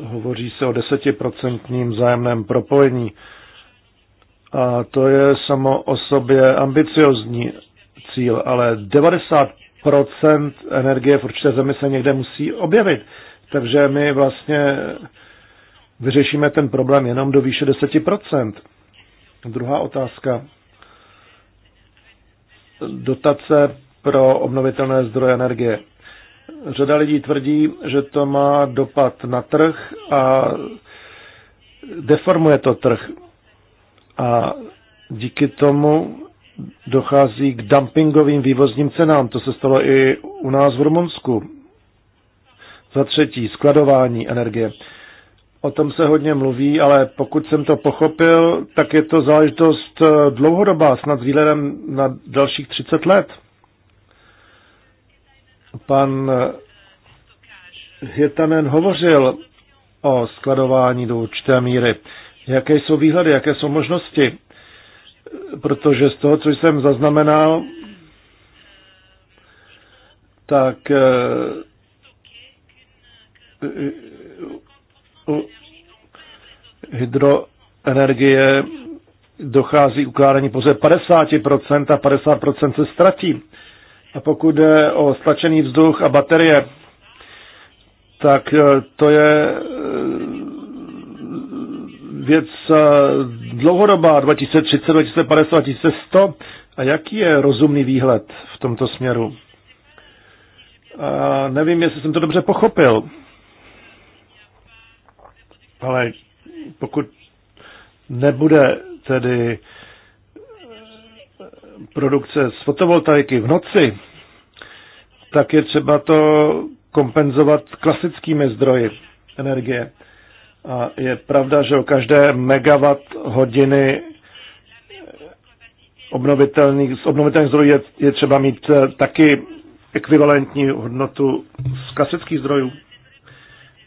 Hovoří se o desetiprocentním zájemném propojení. A to je samo o sobě ambiciozní cíl, ale procent energie v určité zemi se někde musí objevit. Takže my vlastně vyřešíme ten problém jenom do výše 10%. Druhá otázka. Dotace pro obnovitelné zdroje energie. Řada lidí tvrdí, že to má dopad na trh a deformuje to trh. A díky tomu dochází k dumpingovým vývozním cenám. To se stalo i u nás v Rumunsku. Za třetí, skladování energie. O tom se hodně mluví, ale pokud jsem to pochopil, tak je to záležitost eh, dlouhodobá, snad s výhledem na dalších 30 let. Pan eh, Hirtanen hovořil o skladování do určité míry. Jaké jsou výhledy, jaké jsou možnosti? protože z toho, co jsem zaznamenal, tak eh, hydroenergie dochází k ukládání pouze 50% a 50% se ztratí. A pokud jde o stlačený vzduch a baterie, tak eh, to je eh, věc eh, dlouhodobá 2030, 2050, 2100 a jaký je rozumný výhled v tomto směru? A nevím, jestli jsem to dobře pochopil, ale pokud nebude tedy eh, produkce z fotovoltaiky v noci, tak je třeba to kompenzovat klasickými zdroji energie. A je pravda, že o každé megawatt hodiny obnovitelných, z obnovitelných zdrojů je, je třeba mít eh, taky ekvivalentní hodnotu z klasických zdrojů.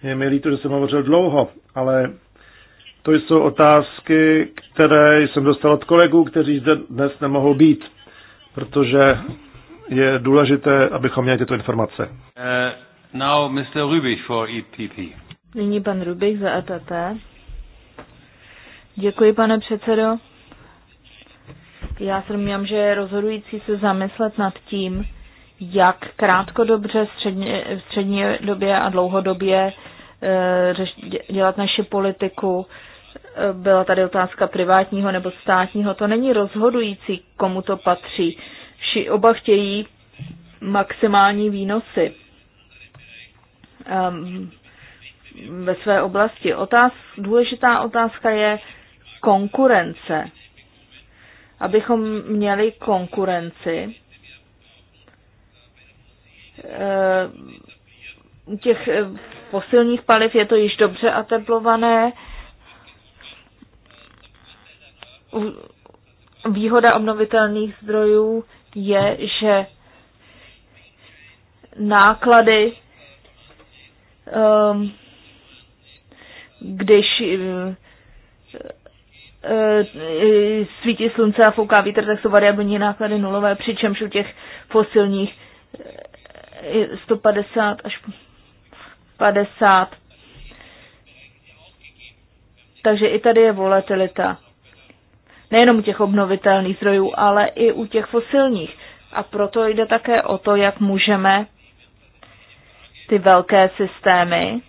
Je mi líto, že jsem hovořil dlouho, ale to jsou otázky, které jsem dostal od kolegů, kteří zde dnes nemohou být, protože je důležité, abychom měli tyto informace. Uh, now Mr. Rübig for EPP. Nyní pan Rubik za ATT. E Děkuji, pane předsedo. Já se domnívám, že je rozhodující se zamyslet nad tím, jak krátkodobře, středně, střední době a dlouhodobě e, dělat naši politiku. E, byla tady otázka privátního nebo státního. To není rozhodující, komu to patří. Vši oba chtějí maximální výnosy. Ehm, ve své oblasti. Otáz, důležitá otázka je konkurence. Abychom měli konkurenci, eh, u těch eh, fosilních paliv je to již dobře ateplované. Výhoda obnovitelných zdrojů je, že náklady um, když eh, eh, svítí slunce a fouká vítr, tak jsou variabilní náklady nulové, přičemž u těch fosilních 150 eh, až 50. Takže i tady je volatilita. Nejenom u těch obnovitelných zdrojů, ale i u těch fosilních. A proto jde také o to, jak můžeme ty velké systémy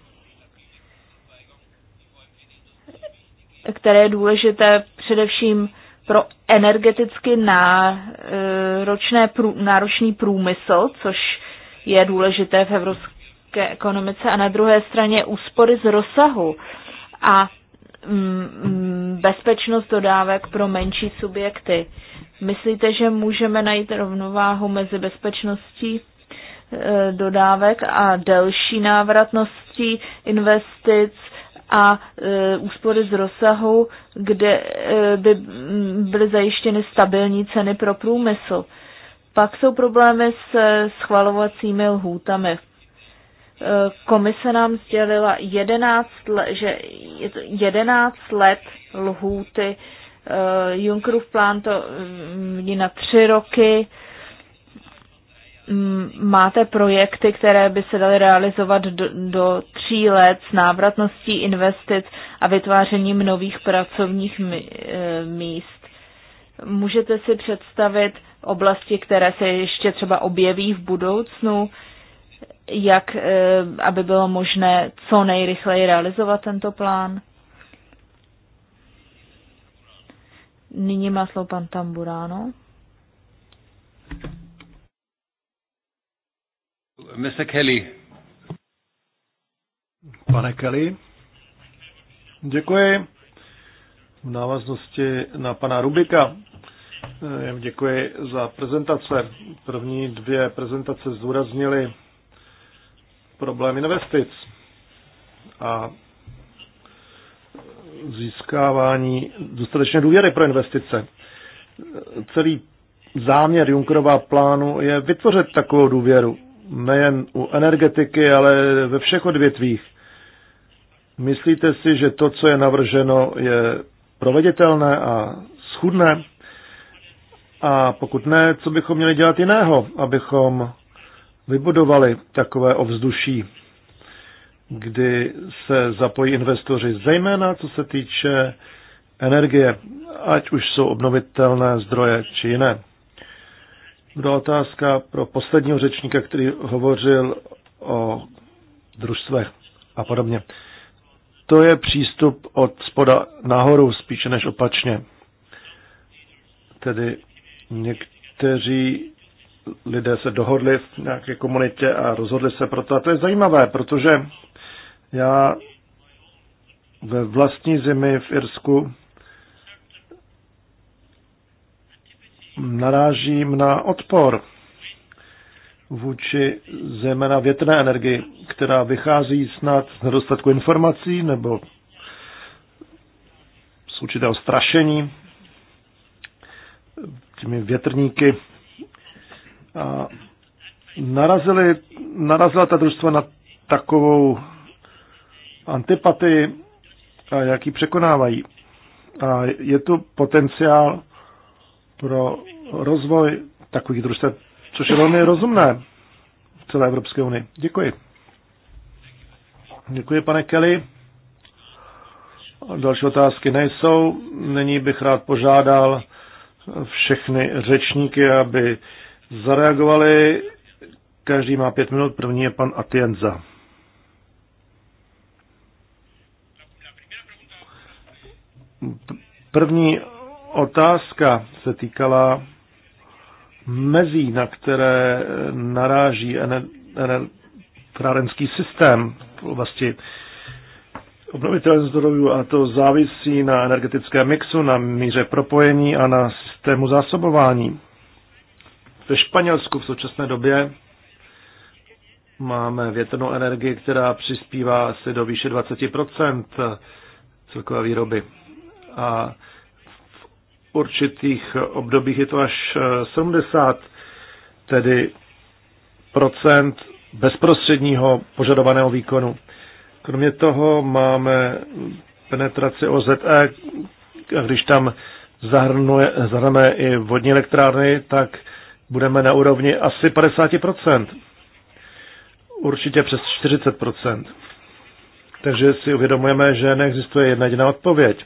které je důležité především pro energeticky náročné, e, náročný průmysl, což je důležité v evropské ekonomice, a na druhé straně úspory z rozsahu a mm, bezpečnost dodávek pro menší subjekty. Myslíte, že můžeme najít rovnováhu mezi bezpečností e, dodávek a delší návratností investic a e, úspory z rozsahu, kde e, by byly zajištěny stabilní ceny pro průmysl. Pak jsou problémy s e, schvalovacími lhůtami. Komise nám sdělila, 11 let, že 11 let lhůty Junckerův plán to na tři roky, Mm, máte projekty, které by se daly realizovat do, do tří let s návratností investic a vytvářením nových pracovních e, míst. Můžete si představit oblasti, které se ještě třeba objeví v budoucnu, jak, e, aby bylo možné co nejrychleji realizovat tento plán? Nyní má slovo pan Tamburáno. Mr. Kelly. Pane Kelly. Děkuji. V návaznosti na pana Rubika. Eh, děkuji za prezentace. První dvě prezentace zdůraznily problém investic a získávání dostatečné důvěry pro investice. Celý záměr Junckerova plánu je vytvořit takovou důvěru nejen u energetiky, ale ve všech odvětvích. Myslíte si, že to, co je navrženo, je proveditelné a schudné? A pokud ne, co bychom měli dělat jiného, abychom vybudovali takové ovzduší, kdy se zapojí investoři, zejména co se týče energie, ať už jsou obnovitelné zdroje či jiné. Byla otázka pro posledního řečníka, který hovořil o družstvech a podobně. To je přístup od spoda nahoru spíše než opačně. Tedy někteří lidé se dohodli v nějaké komunitě a rozhodli se pro to. A to je zajímavé, protože já ve vlastní zemi v Irsku narážím na odpor vůči zejména větrné energii, která vychází snad z nedostatku informací nebo z určitého strašení těmi větrníky. A narazili, narazila ta družstva na takovou antipatii, a jak ji překonávají. A je tu potenciál pro rozvoj takových družstev, což je velmi rozumné v celé Evropské unii. Děkuji. Děkuji, pane Kelly. Další otázky nejsou. Nyní bych rád požádal všechny řečníky, aby zareagovali. Každý má pět minut. První je pan Atienza. První otázka se týkala mezí, na které naráží elektrárenský systém v oblasti obnovitelných zdrojů a to závisí na energetickém mixu, na míře propojení a na systému zásobování. Ve Španělsku v současné době máme větrnou energii, která přispívá asi do výše 20 celkové výroby. A určitých obdobích je to až 70 eh, tedy procent bezprostředního požadovaného výkonu. Kromě toho máme penetraci OZE, a když tam zahrnuje, zahrneme i vodní elektrárny, tak budeme na úrovni asi 50%. Určitě přes 40%. Takže si uvědomujeme, že neexistuje jedna jediná odpověď.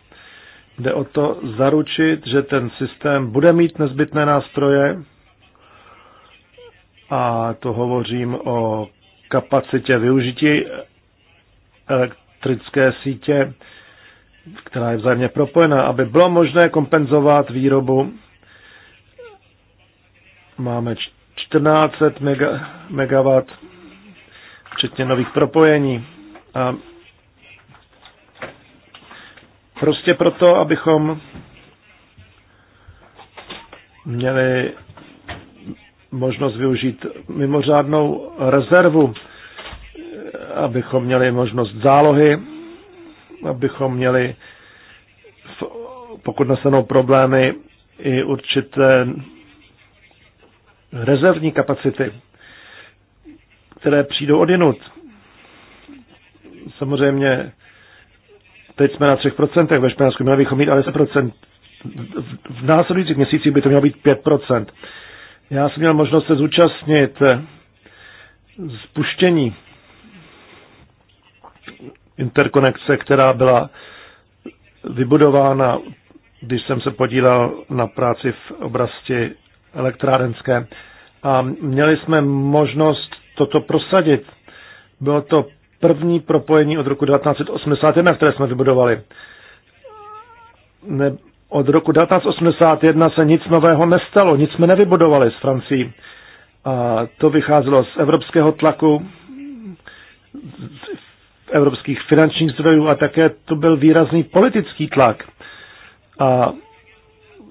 Jde o to zaručit, že ten systém bude mít nezbytné nástroje a to hovořím o kapacitě využití elektrické sítě, která je vzájemně propojena, aby bylo možné kompenzovat výrobu. Máme 1400 MW, včetně nových propojení. A Prostě proto, abychom měli možnost využít mimořádnou rezervu, abychom měli možnost zálohy, abychom měli, pokud nastanou problémy, i určité rezervní kapacity, které přijdou odinut. Samozřejmě Teď jsme na 3%, ve Španělsku měli bychom mít ale 10%. V následujících měsících by to mělo být 5%. Já jsem měl možnost se zúčastnit spuštění interkonekce, která byla vybudována, když jsem se podílel na práci v oblasti elektrárenské. A měli jsme možnost toto prosadit. Bylo to první propojení od roku 1981, které jsme vybudovali. Ne, od roku 1981 se nic nového nestalo, nic jsme nevybudovali s Francií. A to vycházelo z evropského tlaku, z evropských finančních zdrojů a také to byl výrazný politický tlak. A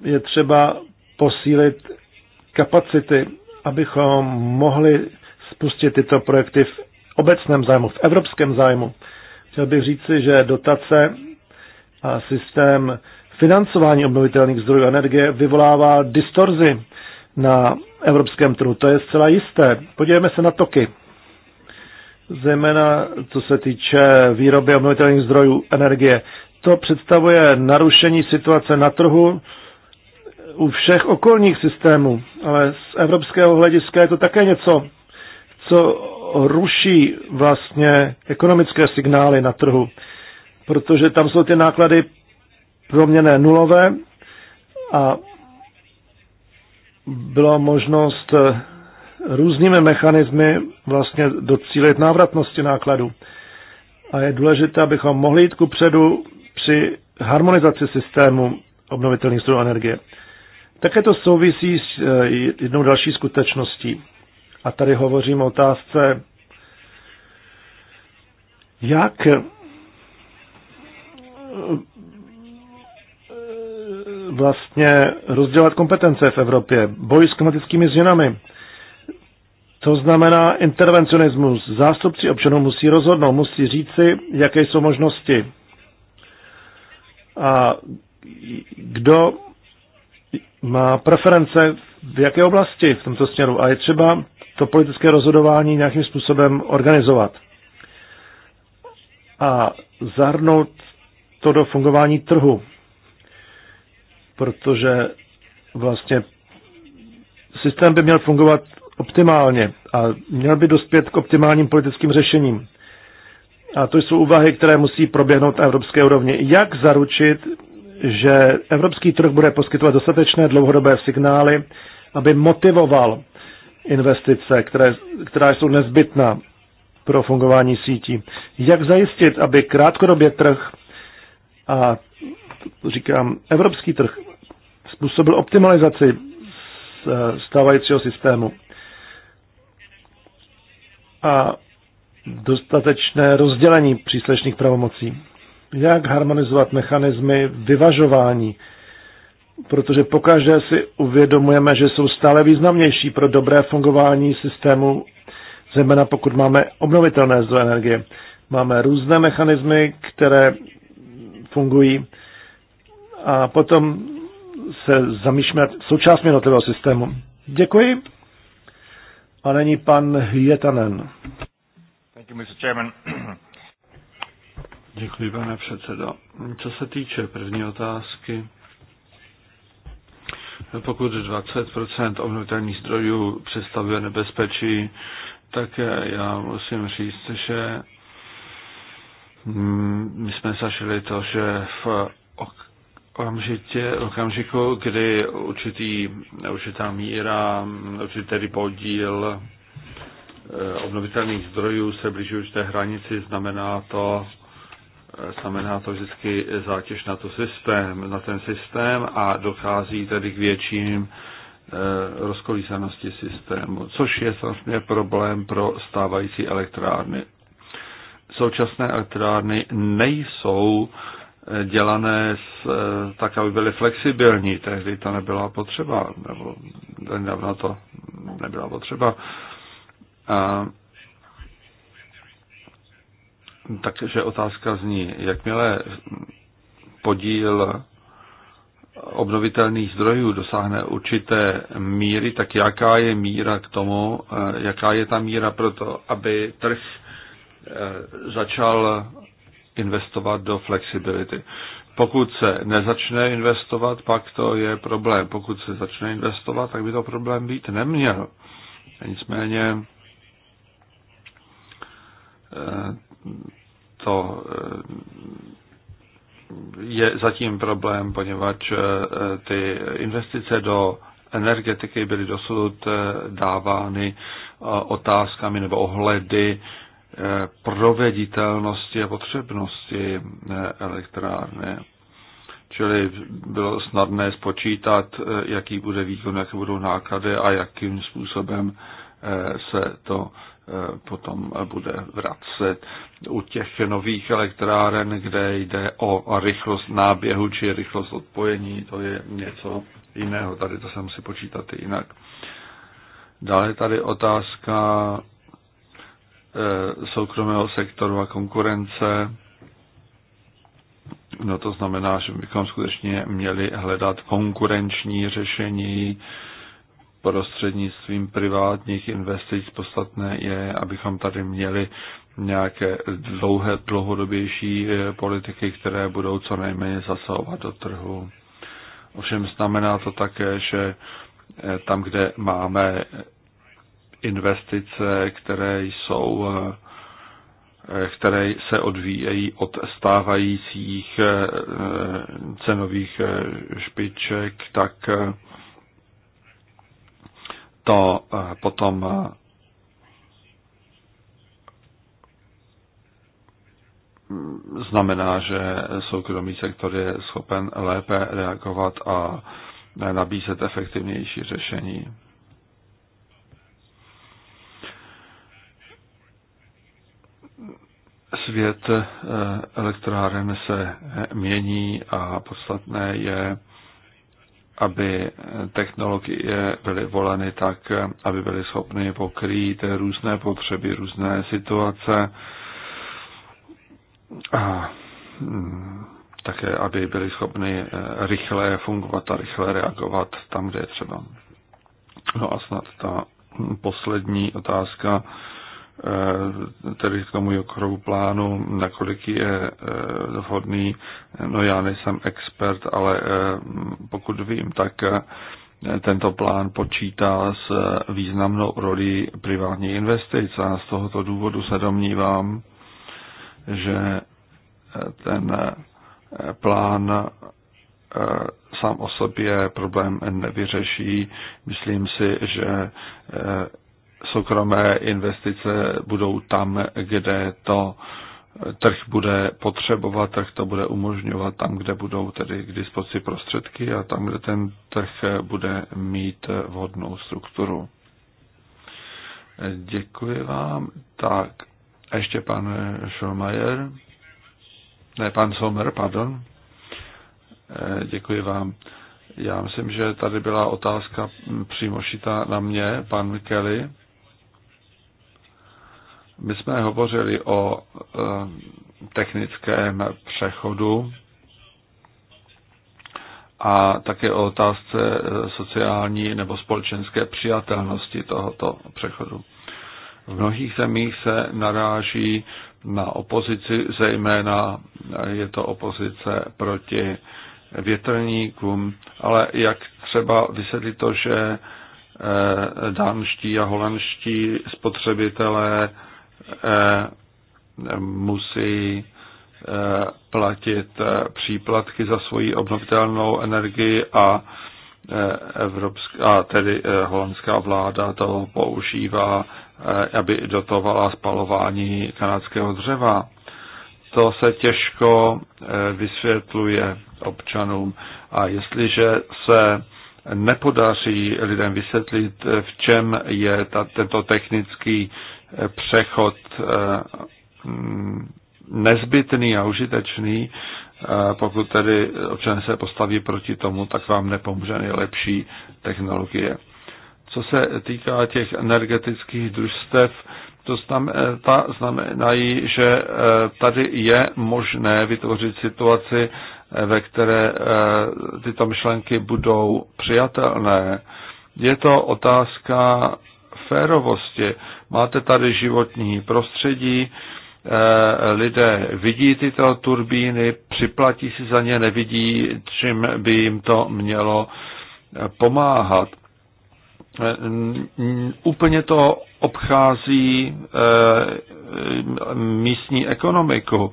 je třeba posílit kapacity, abychom mohli spustit tyto projekty v obecném zájmu, v evropském zájmu. Chtěl bych říci, že dotace a systém financování obnovitelných zdrojů energie vyvolává distorzi na evropském trhu. To je zcela jisté. Podívejme se na toky. Zejména co se týče výroby obnovitelných zdrojů energie. To představuje narušení situace na trhu u všech okolních systémů, ale z evropského hlediska je to také něco, co ruší vlastně ekonomické signály na trhu, protože tam jsou ty náklady proměné nulové a byla možnost eh, různými mechanismy vlastně docílit návratnosti nákladů. A je důležité, abychom mohli jít ku předu při harmonizaci systému obnovitelných zdrojů energie. Také to souvisí s eh, jednou další skutečností. A tady hovořím o otázce, jak eh, vlastně rozdělat kompetence v Evropě. Boj s klimatickými změnami. To znamená intervencionismus. Zástupci občanů musí rozhodnout, musí říci, jaké jsou možnosti. A kdo má preference v jaké oblasti v tomto směru. A je třeba to politické rozhodování nějakým způsobem organizovat. A zahrnout to do fungování trhu, protože vlastně systém by měl fungovat optimálně a měl by dospět k optimálním politickým řešením. A to jsou úvahy, které musí proběhnout na evropské úrovni. Jak zaručit, že evropský trh bude poskytovat dostatečné dlouhodobé signály, aby motivoval investice, které, která jsou nezbytná pro fungování sítí. Jak zajistit, aby krátkodobě trh a říkám evropský trh způsobil optimalizaci stávajícího systému a dostatečné rozdělení příslušných pravomocí. Jak harmonizovat mechanismy vyvažování protože pokaždé si uvědomujeme, že jsou stále významnější pro dobré fungování systému, zejména pokud máme obnovitelné zdroje energie. Máme různé mechanismy, které fungují a potom se zamýšlíme součástmi jednotlivého systému. Děkuji. A není pan Hietanen. Děkuji, pane předsedo. Co se týče první otázky, No, pokud 20 obnovitelných zdrojů představuje nebezpečí, tak já musím říct, že mm, my jsme zažili to, že v okamžitě, okamžiku, kdy určitý, určitá míra, určitý podíl eh, obnovitelných zdrojů se blíží určité hranici, znamená to znamená to vždycky zátěž na, to systém, na ten systém a dochází tedy k větším eh, rozkolísanosti systému, což je samozřejmě problém pro stávající elektrárny. Současné elektrárny nejsou eh, dělané s, eh, tak, aby byly flexibilní. Tehdy to nebyla potřeba, nebo nedávno to nebyla potřeba. A takže otázka zní, jakmile podíl obnovitelných zdrojů dosáhne určité míry, tak jaká je míra k tomu, eh, jaká je ta míra pro to, aby trh eh, začal investovat do flexibility. Pokud se nezačne investovat, pak to je problém. Pokud se začne investovat, tak by to problém být neměl. Nicméně eh, to eh, je zatím problém, poněvadž eh, ty investice do energetiky byly dosud eh, dávány otázkami nebo ohledy proveditelnosti a potřebnosti elektrárny. Čili bylo snadné spočítat, jaký bude výkon, jaké budou náklady a jakým způsobem se to potom bude vracet u těch nových elektráren, kde jde o rychlost náběhu či rychlost odpojení, to je něco jiného, tady to se musí počítat jinak. Dále tady otázka eh, soukromého sektoru a konkurence. No to znamená, že bychom skutečně měli hledat konkurenční řešení, prostřednictvím privátních investic. Podstatné je, abychom tady měli nějaké dlouhé, dlouhodobější eh, politiky, které budou co nejméně zasahovat do trhu. Ovšem znamená to také, že eh, tam, kde máme investice, které jsou eh, které se odvíjejí od stávajících cenových špiček, tak to eh, potom eh, znamená, že soukromý sektor je schopen lépe reagovat a nabízet efektivnější řešení. Svět eh, elektráren se mění a podstatné je, aby technologie byly voleny tak, aby byly schopny pokrýt různé potřeby, různé situace a mm, také, aby byly schopny eh, rychle fungovat a rychle reagovat tam, kde je třeba. No a snad ta poslední otázka, Eh, tedy k tomu jokrovu plánu, nakolik je eh, vhodný. No já nejsem expert, ale eh, pokud vím, tak tento plán počítá s významnou roli privátní investic a z tohoto důvodu se domnívám, že ten plán sám o sobě problém nevyřeší. Myslím si, že soukromé investice budou tam, kde to trh bude potřebovat, trh to bude umožňovat tam, kde budou tedy k dispozici prostředky a tam, kde ten trh bude mít vhodnou strukturu. Děkuji vám. Tak, a ještě pan Schulmeier. Ne, pan Sommer, pardon. Děkuji vám. Já myslím, že tady byla otázka přímo na mě, pan Kelly. My jsme hovořili o eh, technickém přechodu a také o otázce eh, sociální nebo společenské přijatelnosti tohoto přechodu. V mnohých zemích se naráží na opozici, zejména je to opozice proti větrníkům, ale jak třeba vysvětlit to, že eh, dánští a holandští spotřebitelé Eh, musí eh, platit eh, příplatky za svoji obnovitelnou energii a evropská, tedy holandská vláda to používá, aby dotovala spalování kanadského dřeva. To se těžko vysvětluje občanům. A jestliže se nepodaří lidem vysvětlit, v čem je ta, tento technický přechod eh, nezbytný a užitečný. Eh, pokud tedy občané se postaví proti tomu, tak vám nepomůže nejlepší technologie. Co se týká těch energetických družstev, to znamená, znamenají, že eh, tady je možné vytvořit situaci, ve které tyto myšlenky budou přijatelné. Je to otázka férovosti, Máte tady životní prostředí, eh, lidé vidí tyto turbíny, připlatí si za ně, nevidí, čím by jim to mělo eh, pomáhat. Eh, úplně to obchází místní ekonomiku.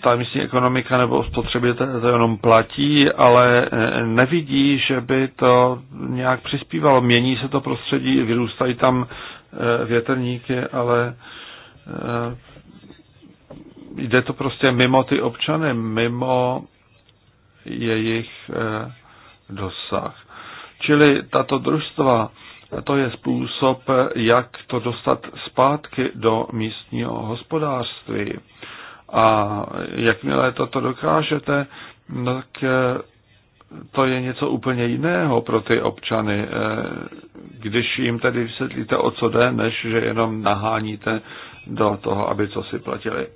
Ta místní ekonomika nebo spotřebitel to jenom platí, ale nevidí, že by to nějak přispívalo. Mění se to prostředí, vyrůstají tam Eh, větrníky, ale eh, jde to prostě mimo ty občany, mimo jejich eh, dosah. Čili tato družstva, to je způsob, jak to dostat zpátky do místního hospodářství. A jakmile toto dokážete, tak to je něco úplně jiného pro ty občany, eh, když jim tedy vysvětlíte, o co jde, než že jenom naháníte do toho, aby co si platili.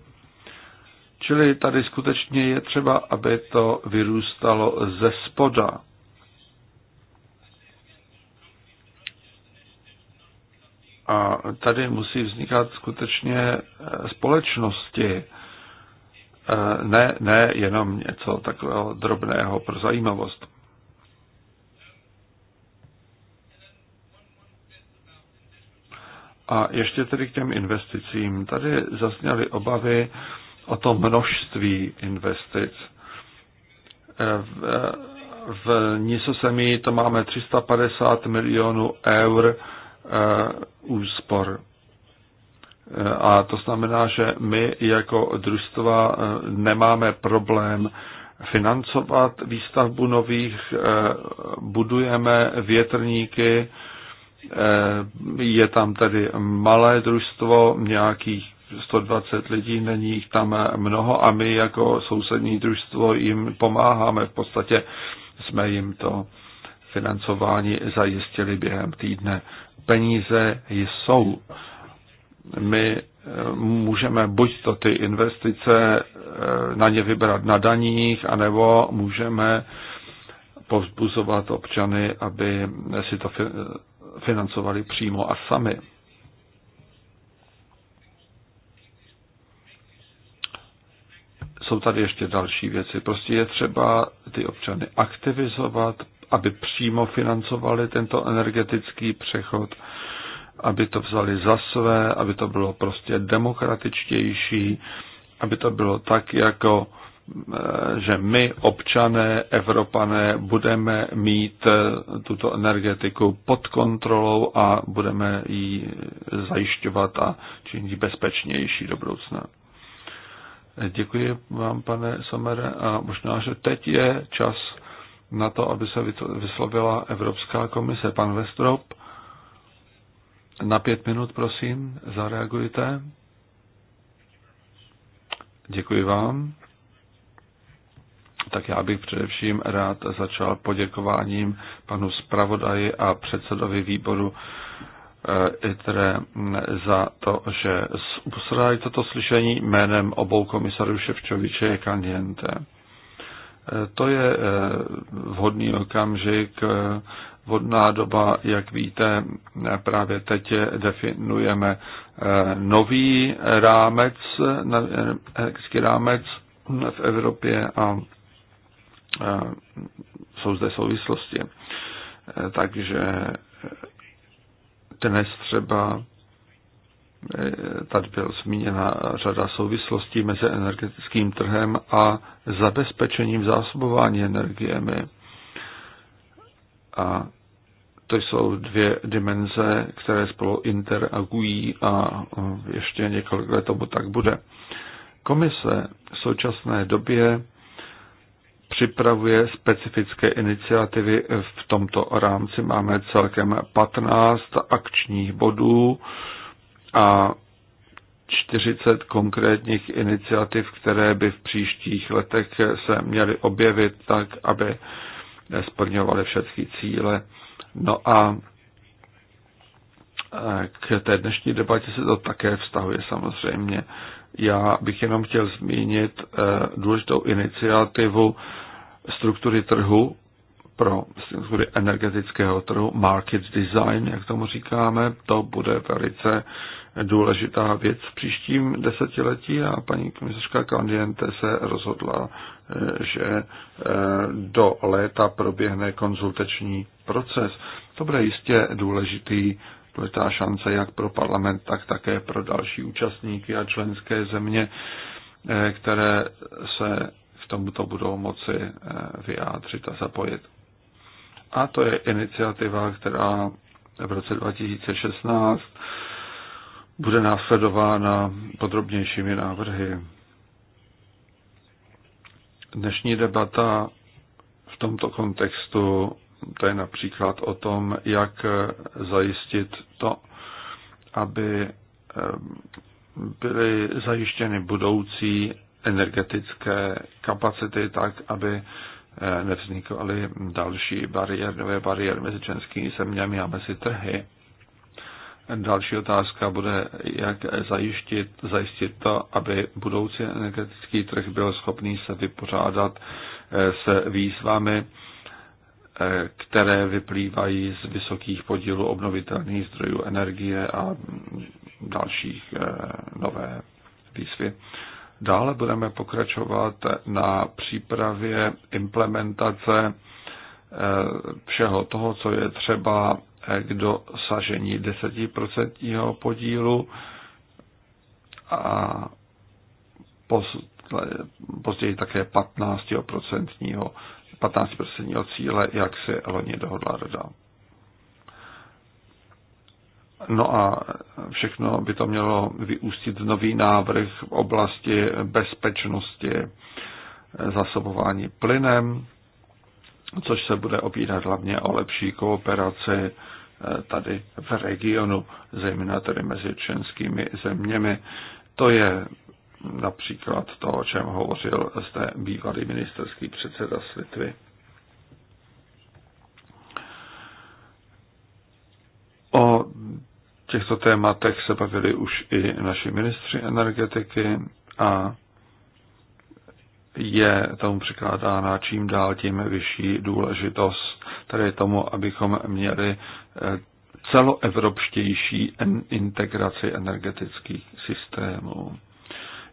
Čili tady skutečně je třeba, aby to vyrůstalo ze spoda. A tady musí vznikat skutečně eh, společnosti, Eh, ne, ne jenom něco takového drobného pro zajímavost. A ještě tedy k těm investicím. Tady zazněly obavy o to množství investic. Eh, v, v Nisosemí to máme 350 milionů eur eh, úspor. A to znamená, že my jako družstva eh, nemáme problém financovat výstavbu nových, eh, budujeme větrníky, eh, je tam tedy malé družstvo, nějakých 120 lidí, není jich tam mnoho a my jako sousední družstvo jim pomáháme. V podstatě jsme jim to financování zajistili během týdne. Peníze jsou my eh, můžeme buď to ty investice eh, na ně vybrat na daních, anebo můžeme povzbuzovat občany, aby si to financovali přímo a sami. Jsou tady ještě další věci. Prostě je třeba ty občany aktivizovat, aby přímo financovali tento energetický přechod aby to vzali za své, aby to bylo prostě demokratičtější, aby to bylo tak, jako e, že my, občané, Evropané, budeme mít e, tuto energetiku pod kontrolou a budeme ji zajišťovat a činit bezpečnější do budoucna. Děkuji vám, pane Somere, a možná, že teď je čas na to, aby se vyslovila Evropská komise. Pan Vestrop. Na pět minut, prosím, zareagujte. Děkuji vám. Tak já bych především rád začal poděkováním panu zpravodaji a předsedovi výboru eh, ITRE za to, že usrali toto slyšení jménem obou komisarů Ševčoviče a Kandiente. Eh, to je eh, vhodný okamžik Vodná doba, jak víte, právě teď definujeme eh, nový rámec, energetický eh, rámec v Evropě a eh, jsou zde souvislosti. Takže dnes třeba tady byl zmíněna řada souvislostí mezi energetickým trhem a zabezpečením zásobování energiemi. A to jsou dvě dimenze, které spolu interagují a e, ještě několik let tomu tak bude. Komise v současné době připravuje specifické iniciativy v tomto rámci. Máme celkem 15 akčních bodů a 40 konkrétních iniciativ, které by v příštích letech se měly objevit tak, aby splňovaly všechny cíle. No a eh, k té dnešní debatě se to také vztahuje samozřejmě. Já bych jenom chtěl zmínit eh, důležitou iniciativu struktury trhu pro struktury energetického trhu, market design, jak tomu říkáme, to bude velice důležitá věc v příštím desetiletí a paní komisařka Kandiente se rozhodla že eh, do léta proběhne konzultační proces. To bude jistě důležitý, důležitá šance jak pro parlament, tak také pro další účastníky a členské země, eh, které se k tomuto budou moci eh, vyjádřit a zapojit. A to je iniciativa, která v roce 2016 bude následována podrobnějšími návrhy. Dnešní debata v tomto kontextu to je například o tom, jak zajistit to, aby eh, byly zajištěny budoucí energetické kapacity tak, aby eh, nevznikaly další bariér, nové bariéry mezi členskými zeměmi a mezi trhy. Další otázka bude, jak zajistit, zajistit to, aby budoucí energetický trh byl schopný se vypořádat eh, s výzvami, eh, které vyplývají z vysokých podílů obnovitelných zdrojů energie a dalších eh, nové výzvy. Dále budeme pokračovat na přípravě implementace všeho toho, co je třeba k dosažení 10% podílu a později také 15%, 15% cíle, jak se loni dohodla rada. No a všechno by to mělo vyústit nový návrh v oblasti bezpečnosti zasobování plynem, což se bude opírat hlavně o lepší kooperaci Eh, tady v regionu, zejména tedy mezi členskými zeměmi. To je například to, o čem hovořil zde bývalý ministerský předseda Svitvy. O těchto tématech se bavili už i naši ministři energetiky a je tomu přikládána čím dál tím vyšší důležitost tedy tomu, abychom měli eh, celoevropštější integraci energetických systémů.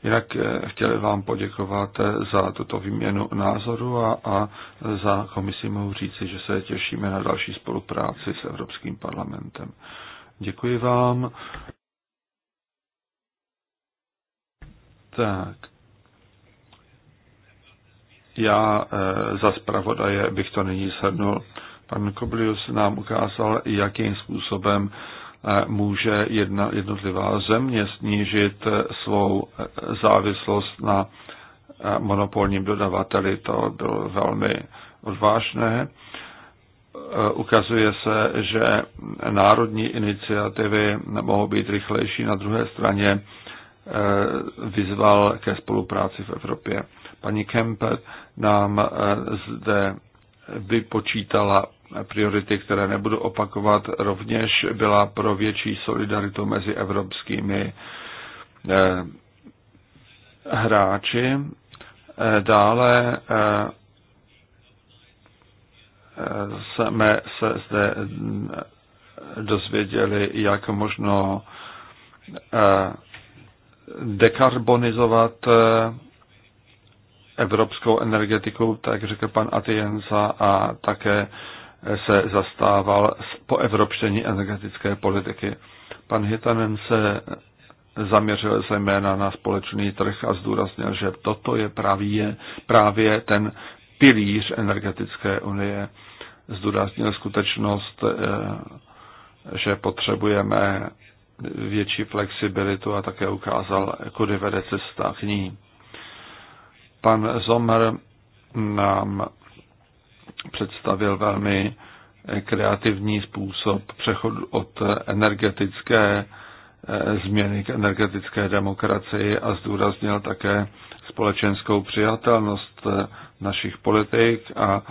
Jinak eh, chtěli vám poděkovat eh, za tuto výměnu názoru a, a za komisi mohu říci, že se těšíme na další spolupráci s Evropským parlamentem. Děkuji vám. Tak. Já eh, za zpravodaje bych to nyní shrnul. Pan Koblius nám ukázal, jakým způsobem eh, může jedna jednotlivá země snížit eh, svou závislost na monopolním dodavateli. To bylo velmi odvážné. Ukazuje se, že národní iniciativy mohou být rychlejší. Na druhé straně vyzval ke spolupráci v Evropě. Paní Kemper nám eh, zde vypočítala priority, které nebudu opakovat, rovněž byla pro větší solidaritu mezi evropskými eh, hráči. Eh, dále jsme se zde mm, dozvěděli, jak možno dekarbonizovat evropskou energetiku, tak řekl pan Atienza a také se zastával po evropštění energetické politiky. Pan Hitanen se zaměřil zejména na společný trh a zdůraznil, že toto je právě, právě ten pilíř energetické unie. Zdůraznil skutečnost, eh, že potřebujeme větší flexibilitu a také ukázal, kudy vede cesta k ní. Pan Zomer nám představil velmi kreativní způsob přechodu od energetické eh, změny k energetické demokracii a zdůraznil také společenskou přijatelnost eh, našich politik a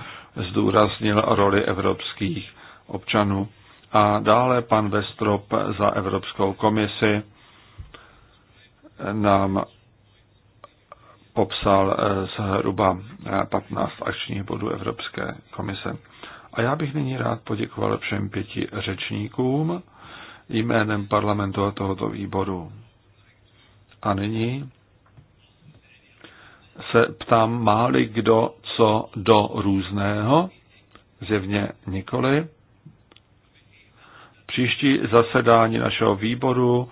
zdůraznil roli evropských občanů. A dále pan Vestrop za Evropskou komisi nám popsal eh, zhruba 15 eh, akčních bodů Evropské komise. A já bych nyní rád poděkoval všem pěti řečníkům jménem parlamentu a tohoto výboru. A nyní se ptám, máli kdo co do různého, zjevně nikoli. Příští zasedání našeho výboru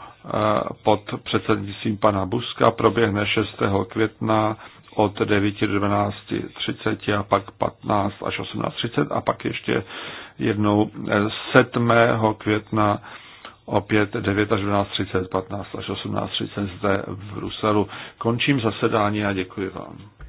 pod předsednictvím pana Buska proběhne 6. května od 9 do 12.30 a pak 15 až 18.30 a pak ještě jednou 7. Eh, května opět 9 až 12.30, 15 až 18.30 zde v Bruselu. Končím zasedání a děkuji vám.